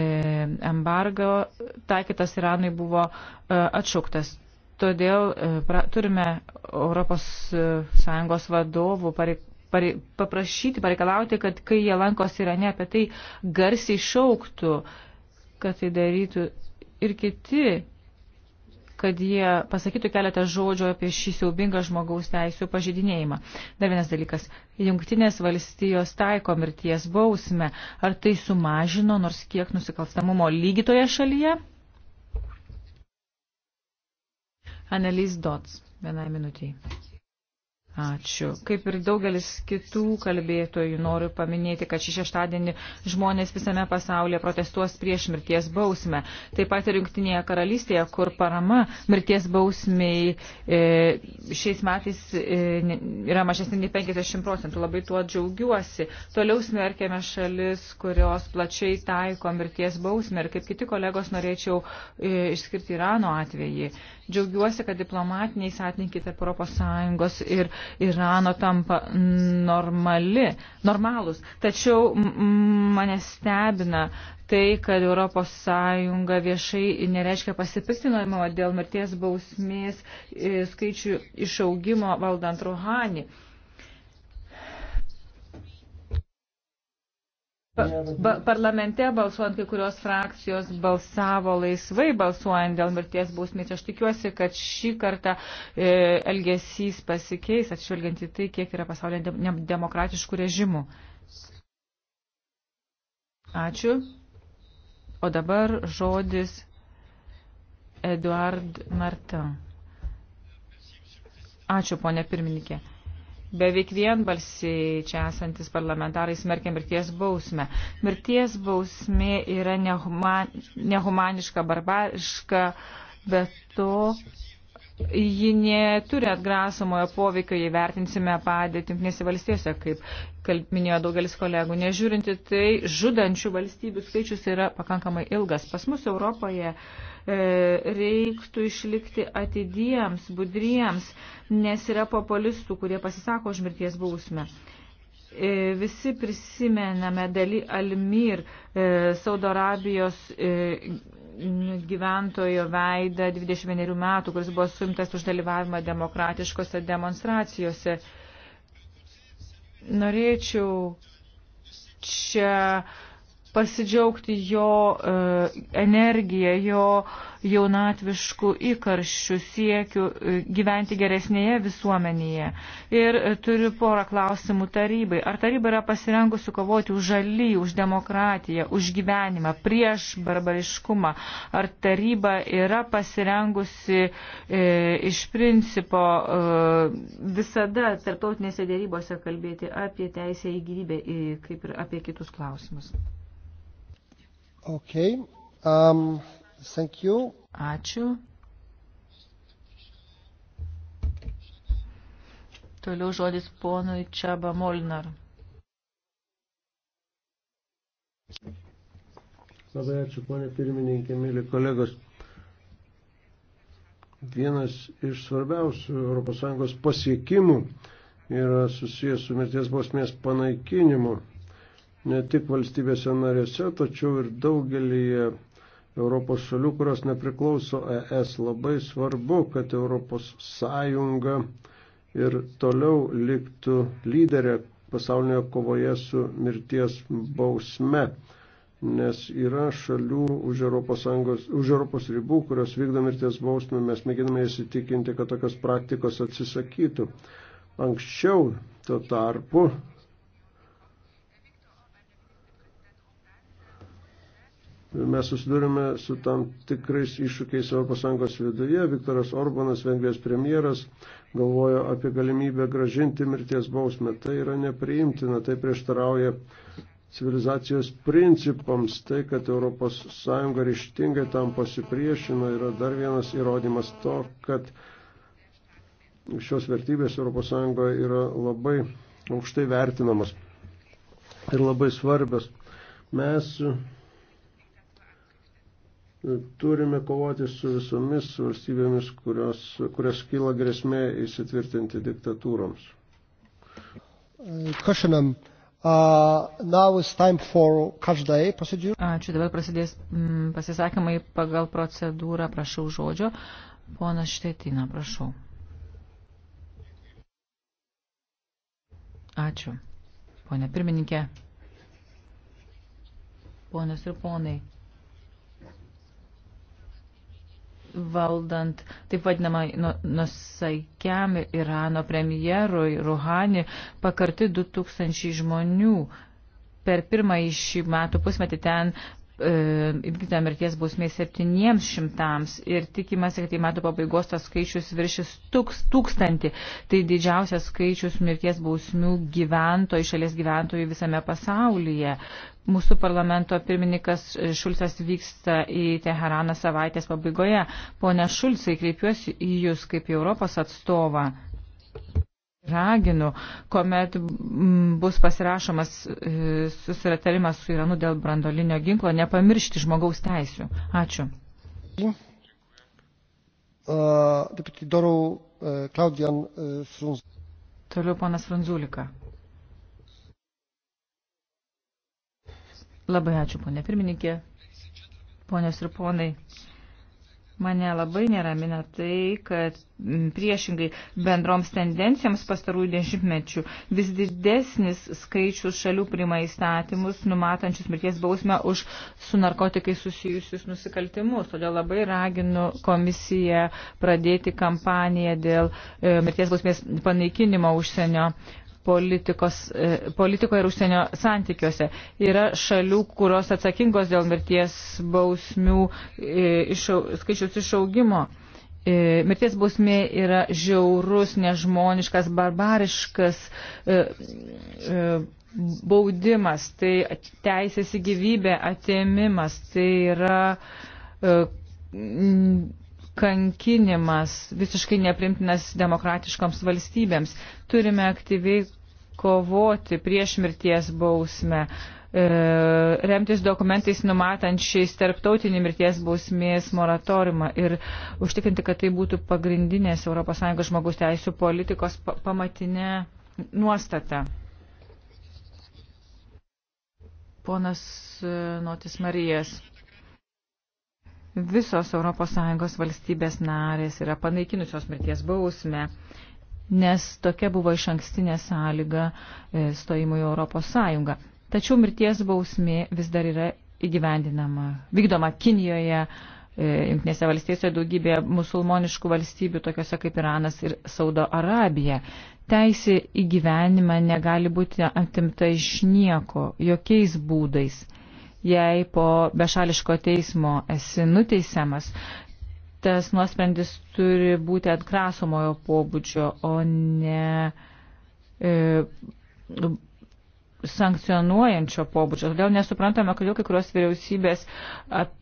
[SPEAKER 1] embargo taikytas Iranui buvo e, atšauktas. Todėl e, pra, turime ES e, vadovų pare, pare, paprašyti, pareikalauti, kad kai jie lankosi Irane, apie tai garsiai šauktų, kad tai darytų ir kiti kad jie pasakytų keletą žodžių apie šį siaubingą žmogaus teisų pažydinėjimą. Dar vienas dalykas. Jungtinės valstijos taiko mirties bausmę. Ar tai sumažino nors kiek nusikalstamumo lygitoje šalyje? Annelise Dots. Vienai minutiai. Ačiū. Kaip ir daugelis kitų kalbėtojų noriu paminėti, kad šį šeštadienį žmonės visame pasaulyje protestuos prieš mirties bausmę. Taip pat ir Junktinėje karalystėje, kur parama mirties bausmiai e, šiais metais e, yra mažesnė nei 50 procentų. Labai tuo džiaugiuosi. Toliau smerkėme šalis, kurios plačiai taiko mirties bausmę. Ir kaip kiti kolegos norėčiau e, išskirti Irano atvejį. Džiaugiuosi, kad diplomatiniais atninkite Europos Sąjungos ir Irano tampa normali, normalūs. Tačiau mane stebina tai, kad ES viešai nereiškia pasipiktinojimo dėl mirties bausmės e, skaičių išaugimo valdant Ruhanį. Ba parlamente balsuojant kai kurios frakcijos balsavo laisvai balsuojant dėl mirties bausmės. Aš tikiuosi, kad šį kartą e, elgesys pasikeis, atšvelgiant į tai, kiek yra pasaulyje de demokratiškų režimų. Ačiū. O dabar žodis Eduard Martin. Ačiū, ponė pirmininkė. Beveik vienbalsiai čia esantis parlamentarai smerkia mirties bausmę. Mirties bausmė yra nehuman, nehumaniška, barbariška, bet to ji neturi atgrasomojo poveikio, jei vertinsime padėtį jungtinėse valstijose, kaip kalbėjo daugelis kolegų. Nežiūrinti tai, žudančių valstybių skaičius yra pakankamai ilgas. Pas mus Europoje uh, E, reiktų išlikti atidiems, budriems, nes yra populistų, kurie pasisako už mirties bausmę. E, visi prisimename Dali Almir, e, Saudo Arabijos gyventojo veidą 21 metų, kuris buvo suimtas už dalyvavimą demokratiškose demonstracijose. Norėčiau čia uh, pasidžiaugti jo e, energiją, jo jaunatviškų įkarščių siekių e, gyventi geresnėje visuomenėje. Ir e, turiu porą klausimų tarybai. Ar taryba yra pasirengusi kovoti už žalį, už demokratiją, už gyvenimą, prieš barbariškumą? Ar taryba yra pasirengusi e, iš principo e, visada tarptautinėse dėrybose kalbėti apie teisę į gyvybę, e, kaip ir apie kitus klausimus?
[SPEAKER 3] Okay. Um, thank you. Ačiū.
[SPEAKER 1] Toliau žodis ponui Čaba Molnar.
[SPEAKER 2] Labai ačiū, ponė pirmininkė, mėly kolegos. Vienas iš svarbiausių ES pasiekimų yra susijęs su mirties bausmės panaikinimu ne tik valstybėse narėse, tačiau ir daugelį Europos šalių, kurios nepriklauso ES. Labai svarbu, kad Europos Sąjunga ir toliau liktų lyderė pasaulinėje kovoje su mirties bausme, nes yra šalių už Europos, Sąjungos, už Europos ribų, kurios vykdo mirties bausmę, mes mėginame įsitikinti, kad tokios praktikos atsisakytų. Anksčiau tuo tarpu mes susidurime su tam tikrais iššūkiais ES viduje. Viktoras Orbanas, Vengrijos premjeras, galvojo apie galimybę gražinti mirties bausmę. Tai yra nepriimtina, tai prieštarauja civilizacijos principams. Tai, kad ES ryštingai tam pasipriešino, yra dar vienas įrodymas to, kad šios vertybės ES yra labai aukštai vertinamos ir labai svarbios. Mes turime kovoti su visomis valstybėmis, kurios, kurios kyla grėsmė įsitvirtinti diktatūroms.
[SPEAKER 3] Kašinam. Uh, Ačiū, dabar prasidės
[SPEAKER 1] mm, pasisakymai pagal procedūrą, prašau žodžio. Ponas Štetina, prašau. Ačiū, ponė pirmininkė. Ponas ir ponai. valdant taip vadinamą nusaikiam Irano premjerui Ruhani pakarti 2000 žmonių. Per pirmąjį šį metų pusmetį ten įvykdyta e, mirties bausmė 700 ir tikimasi, kad į metų pabaigos tas skaičius viršis tūks, tūkstantį. Tai didžiausias skaičius mirties bausmių gyventojų, šalies gyventojų visame pasaulyje. Mūsų parlamento pirmininkas Šulcas vyksta į Teheraną savaitės pabaigoje. Pone Šulcai, kreipiuosi į Jūs kaip Europos atstovą. Raginu, kuomet mm, bus pasirašomas e, susiratarimas su Iranu dėl brandolinio ginklo, nepamiršti žmogaus teisių. Ačiū. E, e, Toliau ponas Franzulika. Labai ačiū, ponė pirmininkė, ponios ir ponai. Mane labai neramina tai, kad priešingai bendroms tendencijams pastarųjų dešimtmečių vis didesnis skaičius šalių priima įstatymus, numatančius mirties bausmę už su narkotikai susijusius nusikaltimus. Todėl labai raginu komisiją pradėti kampaniją dėl e, mirties bausmės panaikinimo užsienio E, politikoje ir užsienio santykiuose. Yra šalių, kurios atsakingos dėl mirties bausmių e, išau, skaičius išaugimo. E, mirties bausmė yra žiaurus, nežmoniškas, barbariškas baudimas, tai teisės į gyvybę atėmimas, tai yra kankinimas visiškai neprimtinas demokratiškoms valstybėms. Turime aktyviai kovoti prieš mirties bausmę, e, remtis dokumentais numatančiais tarptautinį mirties bausmės moratoriumą ir užtikrinti, kad tai būtų pagrindinės ES žmogus teisų politikos pamatinė nuostata. Ponas e, Notis Marijas visos ES valstybės narės yra panaikinusios mirties bausmę, nes tokia buvo iš ankstinė sąlyga e, stojimui į ES. Tačiau mirties bausmė vis dar yra įgyvendinama, vykdoma Kinijoje, e, Junktinėse valstijose daugybė musulmoniškų valstybių, tokiuose kaip Iranas ir Saudo Arabija. Teisė į gyvenimą negali būti atimta iš nieko, jokiais būdais jei po bešališko teismo esi nuteisiamas, tas nuosprendis turi būti atgrasomojo pobūdžio, o ne e, sankcionuojančio pobūdžio. Todėl nesuprantame, kodėl kai kurios vyriausybės ap,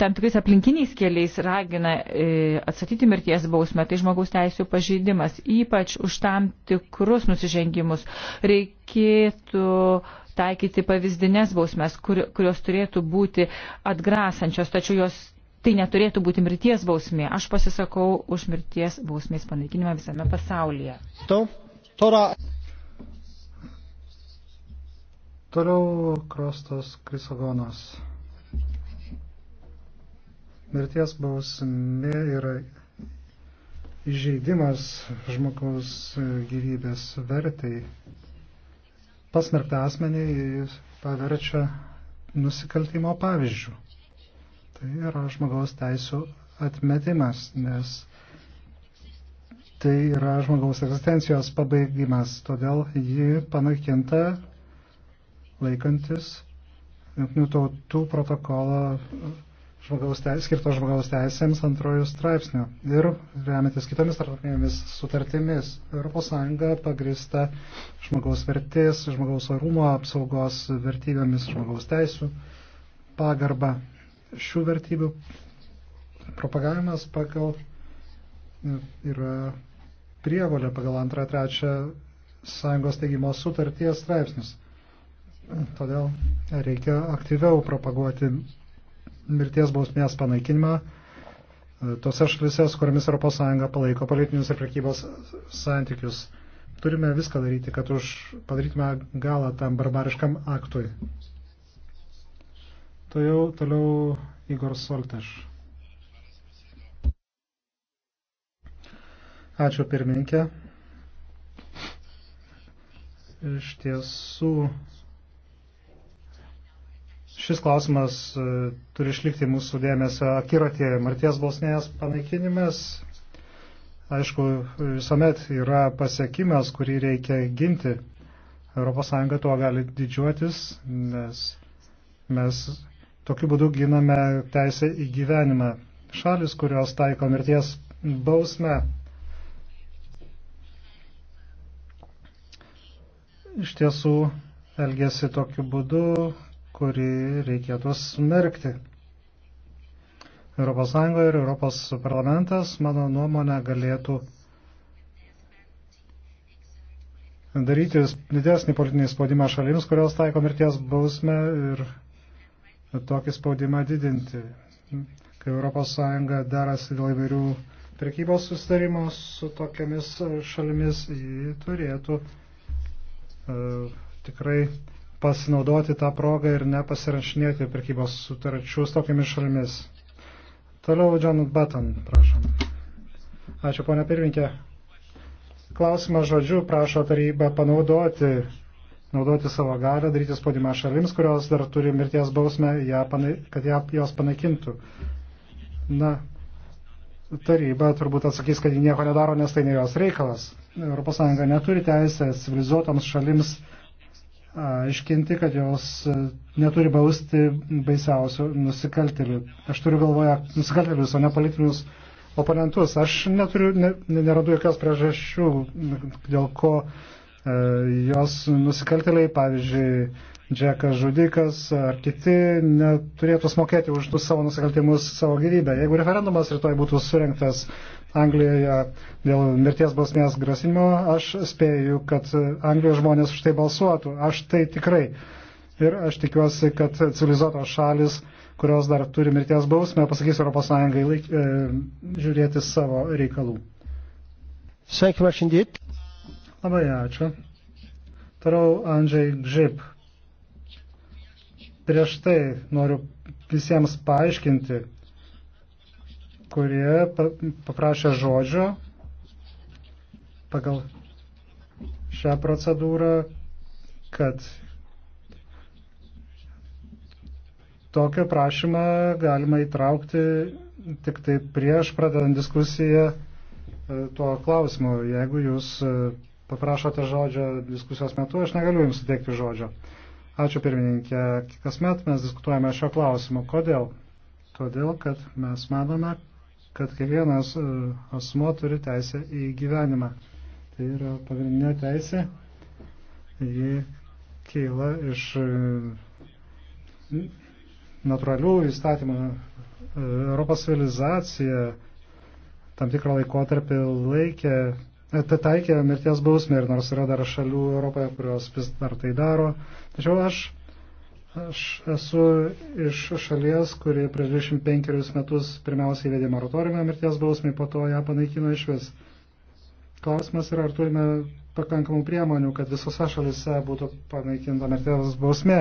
[SPEAKER 1] tam tikrais aplinkiniais keliais ragina e, atsakyti mirties bausmę. Tai žmogaus teisų pažeidimas, ypač už tam tikrus nusižengimus. Reikėtų e, taikyti pavyzdinės bausmes, kur, kurios turėtų būti atgrasančios, tačiau jos tai neturėtų būti mirties bausmė. Aš pasisakau už mirties bausmės panaikinimą visame pasaulyje. To, tora.
[SPEAKER 3] Toliau Krostas Krisogonas. Mirties bausmė yra įžeidimas žmogaus gyvybės vertai pasmerktą asmenį paverčia nusikaltimo pavyzdžių. Tai yra žmogaus teisų atmetimas, nes tai yra žmogaus egzistencijos pabaigimas, todėl ji panaikinta laikantis Junktinių tautų protokolo žmogaus teis, skirto žmogaus teisėms antrojų straipsnių ir remiantis kitomis tarptautinėmis sutartimis. ES pagrista žmogaus vertės, žmogaus orumo apsaugos vertybėmis, žmogaus teisų pagarba. Šių vertybių propagavimas pagal e, yra prievolė pagal antrą, trečią sąjungos teigimo sutarties straipsnius. Todėl reikia aktyviau propaguoti mirties bausmės panaikinimą e, tose šalise, su kuriamis ES palaiko politinius ir prekybos santykius. Turime viską daryti, kad už padarytume galą tam barbariškam aktui. To jau toliau Igor Solteš. Ačiū pirmininkė. Iš tiesų Šis klausimas e, turi išlikti mūsų dėmesio akiratėje. Marties bausmės panaikinimas, aišku, visuomet yra pasiekimas, kurį reikia ginti. ES tuo gali didžiuotis, nes mes tokiu būdu giname teisę į gyvenimą. Šalis, kurios taiko mirties bausmę, iš tiesų elgesi tokiu būdu, kurį reikėtų smerkti. ES ir Europos parlamentas, mano nuomonė, galėtų daryti didesnį politinį spaudimą šalims, kurios taiko mirties bausmę ir tokį spaudimą didinti. Kai ES derasi dėl įvairių prekybos sustarimų su tokiamis šalimis, ji turėtų uh, tikrai pasinaudoti tą progą ir nepasirašinėti prekybos sutarčių su tokiamis šalimis. Toliau John Button, prašom. Ačiū, ponia pirminkė. Klausimą žodžiu prašo taryba panaudoti, naudoti savo galę, daryti spaudimą šalims, kurios dar turi mirties bausmę, ją panai, kad ją, jos panaikintų. Na, taryba turbūt atsakys, kad ji nieko nedaro, nes tai ne jos reikalas. ES neturi teisės civilizuotoms šalims aiškinti, kad jos e, neturi bausti baisiausių nusikaltelių. Aš turiu galvoje nusikaltelius, o ne politinius oponentus. Aš neturiu, ne, neradu jokios priežasčių, dėl ko e, jos nusikalteliai, pavyzdžiui, Džekas Žudikas ar kiti neturėtų smokėti už tų savo nusikaltimus savo gyvybę. Jeigu referendumas rytoj būtų surinktas Anglijoje dėl mirties bausmės grasinimo, aš spėju, kad Anglijos žmonės už tai balsuotų. Aš tai tikrai. Ir aš tikiuosi, kad civilizuotos šalis, kurios dar turi mirties bausmę, pasakys ES laik, e, žiūrėti savo reikalų. Sveikinu, aš indėt. Labai ačiū. Tarau Andžiai Gžip. Prieš tai noriu visiems paaiškinti, kurie paprašė žodžio pagal šią procedūrą, kad tokio prašymą galima įtraukti tik tai prieš pradedant diskusiją e, tuo klausimu. Jeigu jūs e, paprašote žodžio diskusijos metu, aš negaliu jums suteikti žodžio. Ačiū pirmininkė. Kasmet mes diskutuojame šio klausimu. Kodėl? Todėl, kad mes manome, kad kiekvienas e, asmo turi teisę į gyvenimą. Tai yra pagrindinė teisė, ji keila iš e, natūralių įstatymų. E, Europos civilizacija tam tikrą laikotarpį laikė, taikė mirties bausmę ir nors yra dar šalių Europoje, kurios vis dar tai daro. Tačiau aš Aš esu iš šalies, kuri prieš 25 metus pirmiausiai įvedė moratoriumą mirties bausmį, po to ją panaikino iš vis. Klausimas yra, ar turime pakankamų priemonių, kad visose šalise būtų panaikinta mirties bausmė.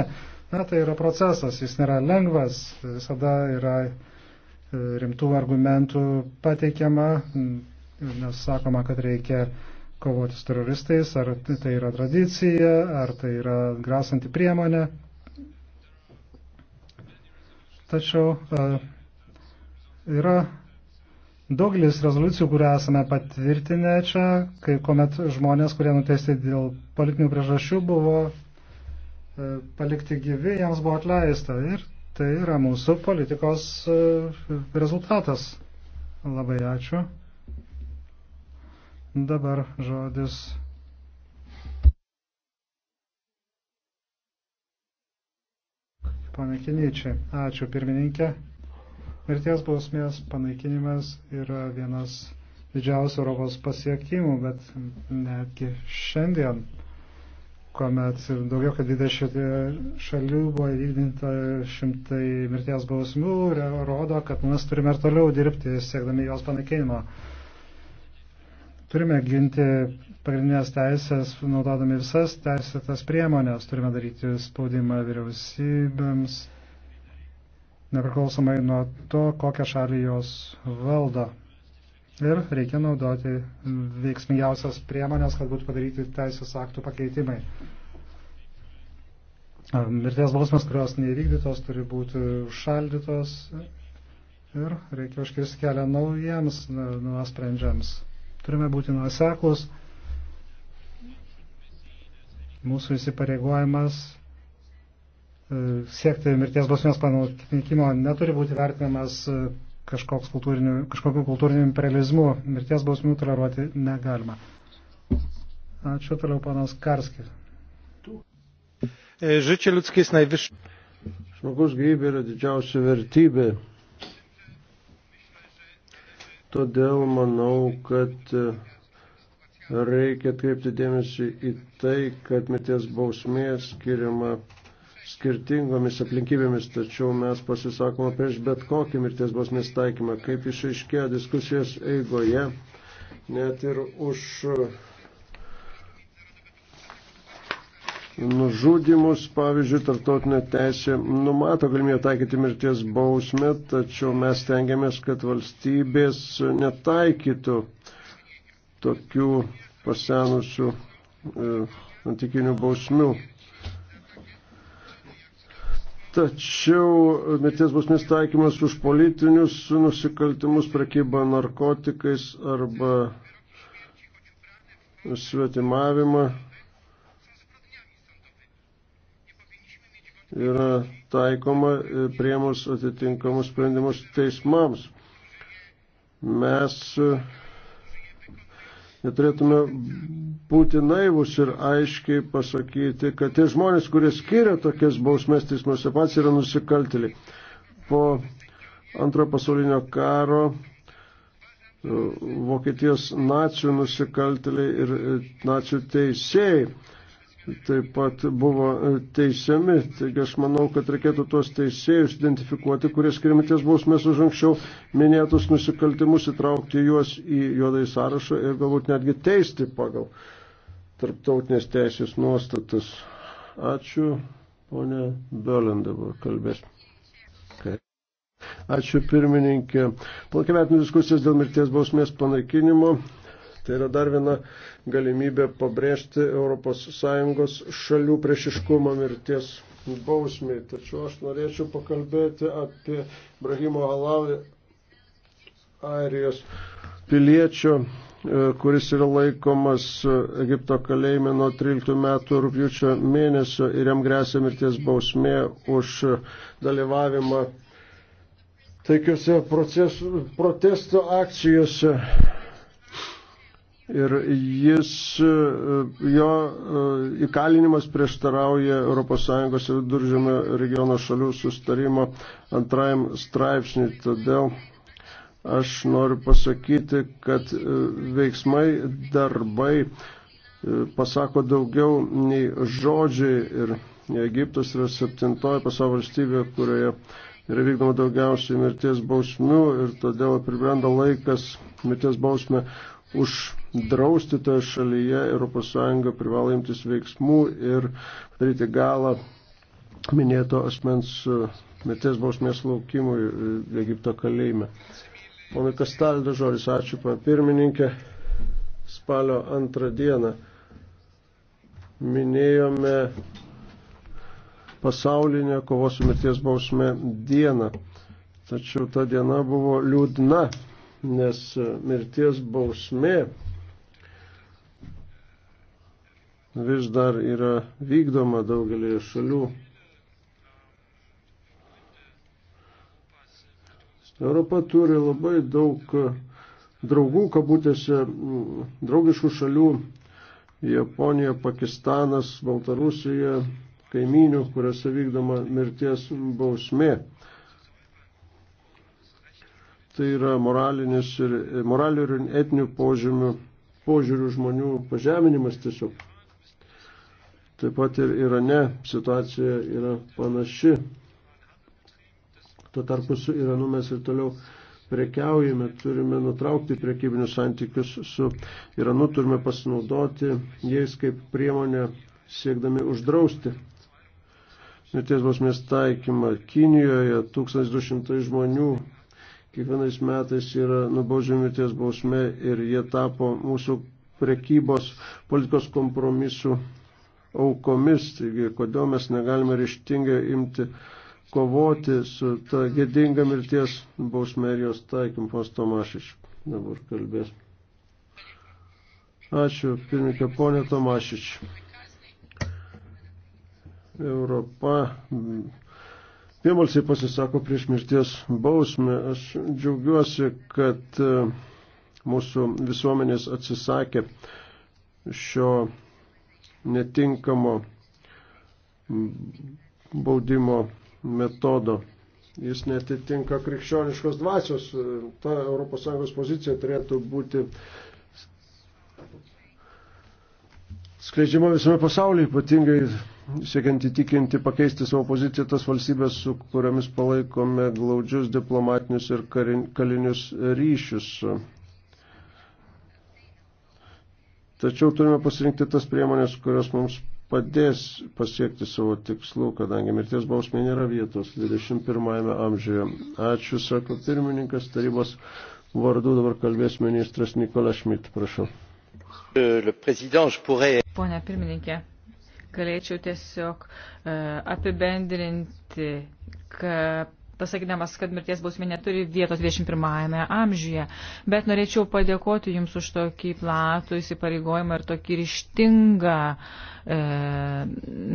[SPEAKER 3] Na, tai yra procesas, jis nėra lengvas, visada yra e, rimtų argumentų pateikiama, nes sakoma, kad reikia kovoti su teroristais, ar tai yra tradicija, ar tai yra grasanti priemonė. Tačiau e, yra daugelis rezoliucijų, kurią esame patvirtinę čia, kai kuomet žmonės, kurie nuteisti dėl politinių priežasčių, buvo e, palikti gyvi, jiems buvo atleista. Ir tai yra mūsų politikos e, rezultatas. Labai ačiū. Dabar žodis Pane Kiniečiai, ačiū pirmininkė. Mirties bausmės panaikinimas yra vienas didžiausių Europos pasiekimų, bet netgi šiandien, kuomet daugiau kaip 20 šalių buvo įvykdinta šimtai mirties bausmių, rodo, kad mes turime ir toliau dirbti siekdami jos panaikinimo. Turime ginti pagrindinės teisės, naudodami visas teisėtas priemonės, turime daryti spaudimą vyriausybėms, nepriklausomai nuo to, kokią šalį jos valdo. Ir reikia naudoti veiksmingiausias priemonės, kad būtų padaryti teisės aktų pakeitimai. Mirties bausmės, kurios neįvykdytos, turi būti šaldytos ir reikia užkirsti kelią naujiems nuosprendžiams. Turime būti nuoseklus. Mūsų įsipareigojimas e, siekti mirties bausmės panaikimo neturi būti vertinamas e, kultūrinių, kažkokiu kultūriniu imperializmu. Mirties bausmių toleruoti negalima. Ačiū toliau, panas Karskis.
[SPEAKER 2] Žičia e, liutskis najviš. Žmogus gyvybė yra didžiausia vertybė Todėl manau, kad e, reikia atkreipti dėmesį į tai, kad mirties bausmė skiriama skirtingomis aplinkybėmis, tačiau mes pasisakome prieš bet kokį mirties bausmės taikymą, kaip išaiškėjo diskusijos eigoje, net ir už nužudimus, pavyzdžiui, tarptautinė teisė numato galimybę taikyti mirties bausmę, tačiau mes tengiamės, kad valstybės netaikytų tokių pasenusių e, antikinių bausmių. Tačiau mirties bausmės taikymas už politinius nusikaltimus, prekybą narkotikais arba svetimavimą yra taikoma e, priemus atitinkamus sprendimus teismams. Mes e, neturėtume būti naivus ir aiškiai pasakyti, kad tie žmonės, kurie skiria tokias bausmės teismuose, pats yra nusikaltėliai. Po antrojo pasaulinio karo e, Vokietijos nacijų nusikaltėliai ir nacijų teisėjai taip pat buvo e, teisiami. Taigi aš manau, kad reikėtų tuos teisėjus identifikuoti, kurie skiriami ties bausmės už anksčiau minėtus nusikaltimus, įtraukti juos į juodai sąrašą ir galbūt netgi teisti pagal tarptautinės teisės nuostatas. Ačiū, ponė Bölin dabar kalbės. Ačiū pirmininkė. Plakiai vertinu diskusijas dėl mirties bausmės panaikinimo. Tai yra dar viena galimybė pabrėžti ES šalių priešiškumą mirties bausmiai. Tačiau aš norėčiau pakalbėti apie Brahimo Halavį, Airijos piliečio, e, kuris yra laikomas e, Egipto kalėjime nuo 13 metų rūpjūčio mėnesio ir jam grėsia mirties bausmė už dalyvavimą taikiuose procesu, protesto akcijose ir jis, e, jo e, įkalinimas prieštarauja ES ir Duržėmio regiono šalių sustarimo antrajam straipsniui. Todėl aš noriu pasakyti, kad e, veiksmai, darbai pasako daugiau nei žodžiai ir Egiptas yra septintoji pasaulio valstybė, kurioje yra vykdoma daugiausiai mirties bausmių ir todėl pribrenda laikas mirties bausmę už drausti toje šalyje, ES privalo imtis veiksmų ir padaryti galą minėto asmens e, mirties bausmės laukimui e, Egipto kalėjime. Ponai Kastaldo žodis, ačiū, pana pirmininkė. Spalio antrą dieną minėjome pasaulinę kovos su mirties bausmė dieną. Tačiau ta diena buvo liūdna, nes e, mirties bausmė vis dar yra vykdoma daugelį šalių. Europa turi labai daug draugų, kabutėse, draugiškų šalių - Japonija, Pakistanas, Baltarusija, kaimynių, kuriuose vykdoma mirties bausmė. Tai yra moralinis ir moralių ir etinių požymių, požiūrių žmonių pažeminimas tiesiog. Taip pat ir Irane situacija yra panaši. Tuo tarpu su Iranu mes ir toliau prekiaujame, turime nutraukti priekybinius santykius su Iranu, turime pasinaudoti jais kaip priemonę siekdami uždrausti mirties bausmės taikymą. Kinijoje 1200 žmonių kiekvienais metais yra nubaudžiami mirties bausmė ir jie tapo mūsų prekybos politikos kompromisų aukomis. Taigi, kodėl mes negalime ryštingai imti kovoti su ta gėdinga mirties bausme ir jos taikim, pas Tomašič dabar kalbės. Ačiū, pirmininkė ponė Tomašič. Europa vienbalsiai pasisako prieš mirties bausmę. Aš džiaugiuosi, kad e, mūsų visuomenės atsisakė šio netinkamo baudimo metodo. Jis netitinka krikščioniškos dvasios. Ta ES pozicija turėtų būti skleidžiama visame pasaulyje, ypatingai siekiant įtikinti pakeisti savo poziciją tas valstybės, su kuriamis palaikome glaudžius diplomatinius ir karinius ryšius. Tačiau turime pasirinkti tas priemonės, kurios mums padės pasiekti savo tikslų, kadangi mirties bausmė nėra vietos 21 amžiuje. Ačiū, sako pirmininkas, tarybos vardu dabar kalbės ministras Nikola Šmit, prašau.
[SPEAKER 1] Pone pirmininkė, galėčiau tiesiog e, apibendrinti, kad pasakydamas, kad mirties bausmė neturi vietos 21 amžiuje. Bet norėčiau padėkoti Jums už tokį platų įsipareigojimą ir tokį ryštingą e,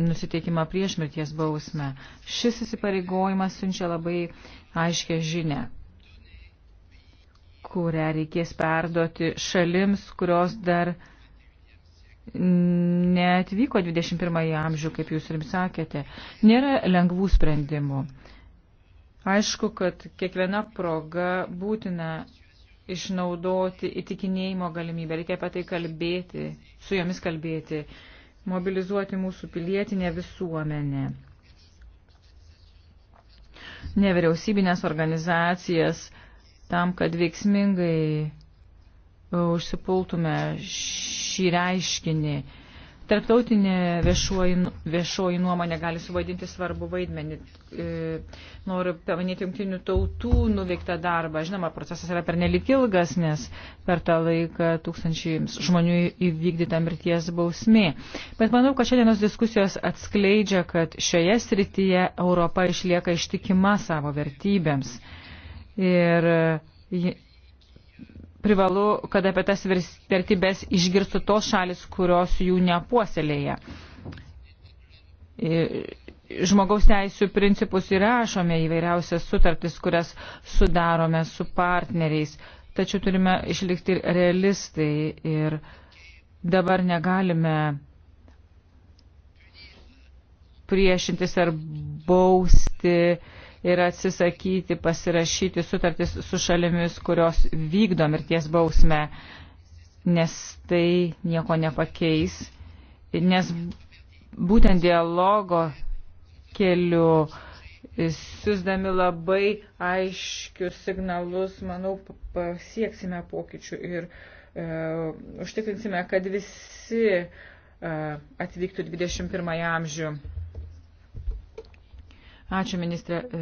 [SPEAKER 1] nusiteikimą prieš mirties bausmę. Šis įsipareigojimas siunčia labai aiškę žinę kurią reikės perduoti šalims, kurios dar netvyko 21 amžių, kaip jūs ir sakėte. Nėra lengvų sprendimų. Aišku, kad kiekviena proga būtina išnaudoti įtikinėjimo galimybę. Reikia apie tai kalbėti, su jomis kalbėti, mobilizuoti mūsų pilietinę visuomenę. Nevyriausybinės organizacijas tam, kad veiksmingai užsipultume šį reiškinį. Tarptautinė viešuoji, nu- viešuoji nuomonė gali suvadinti svarbu vaidmenį. E, noriu paminėti jungtinių tautų nuveiktą darbą. Žinoma, procesas yra pernelik ilgas, nes per tą laiką tūkstančiai žmonių įvykdyta mirties bausmė. Bet manau, kad šiandienos diskusijos atskleidžia, kad šioje srityje Europa išlieka ištikima savo vertybėms. Ir privalu, kad apie tas vertybės išgirstų tos šalis, kurios jų nepuoselėja. Žmogaus teisų principus įrašome įvairiausias sutartis, kurias sudarome su partneriais, tačiau turime išlikti ir realistai ir dabar negalime priešintis ar bausti ir atsisakyti pasirašyti sutartis su šalimis, kurios vykdo mirties bausmę, nes tai nieko nepakeis, nes būtent dialogo keliu siūsdami labai aiškius signalus, manau, pasieksime pokyčių ir e, užtikrinsime, kad visi e, atvyktų 21 amžių. Ačiū, ministrė.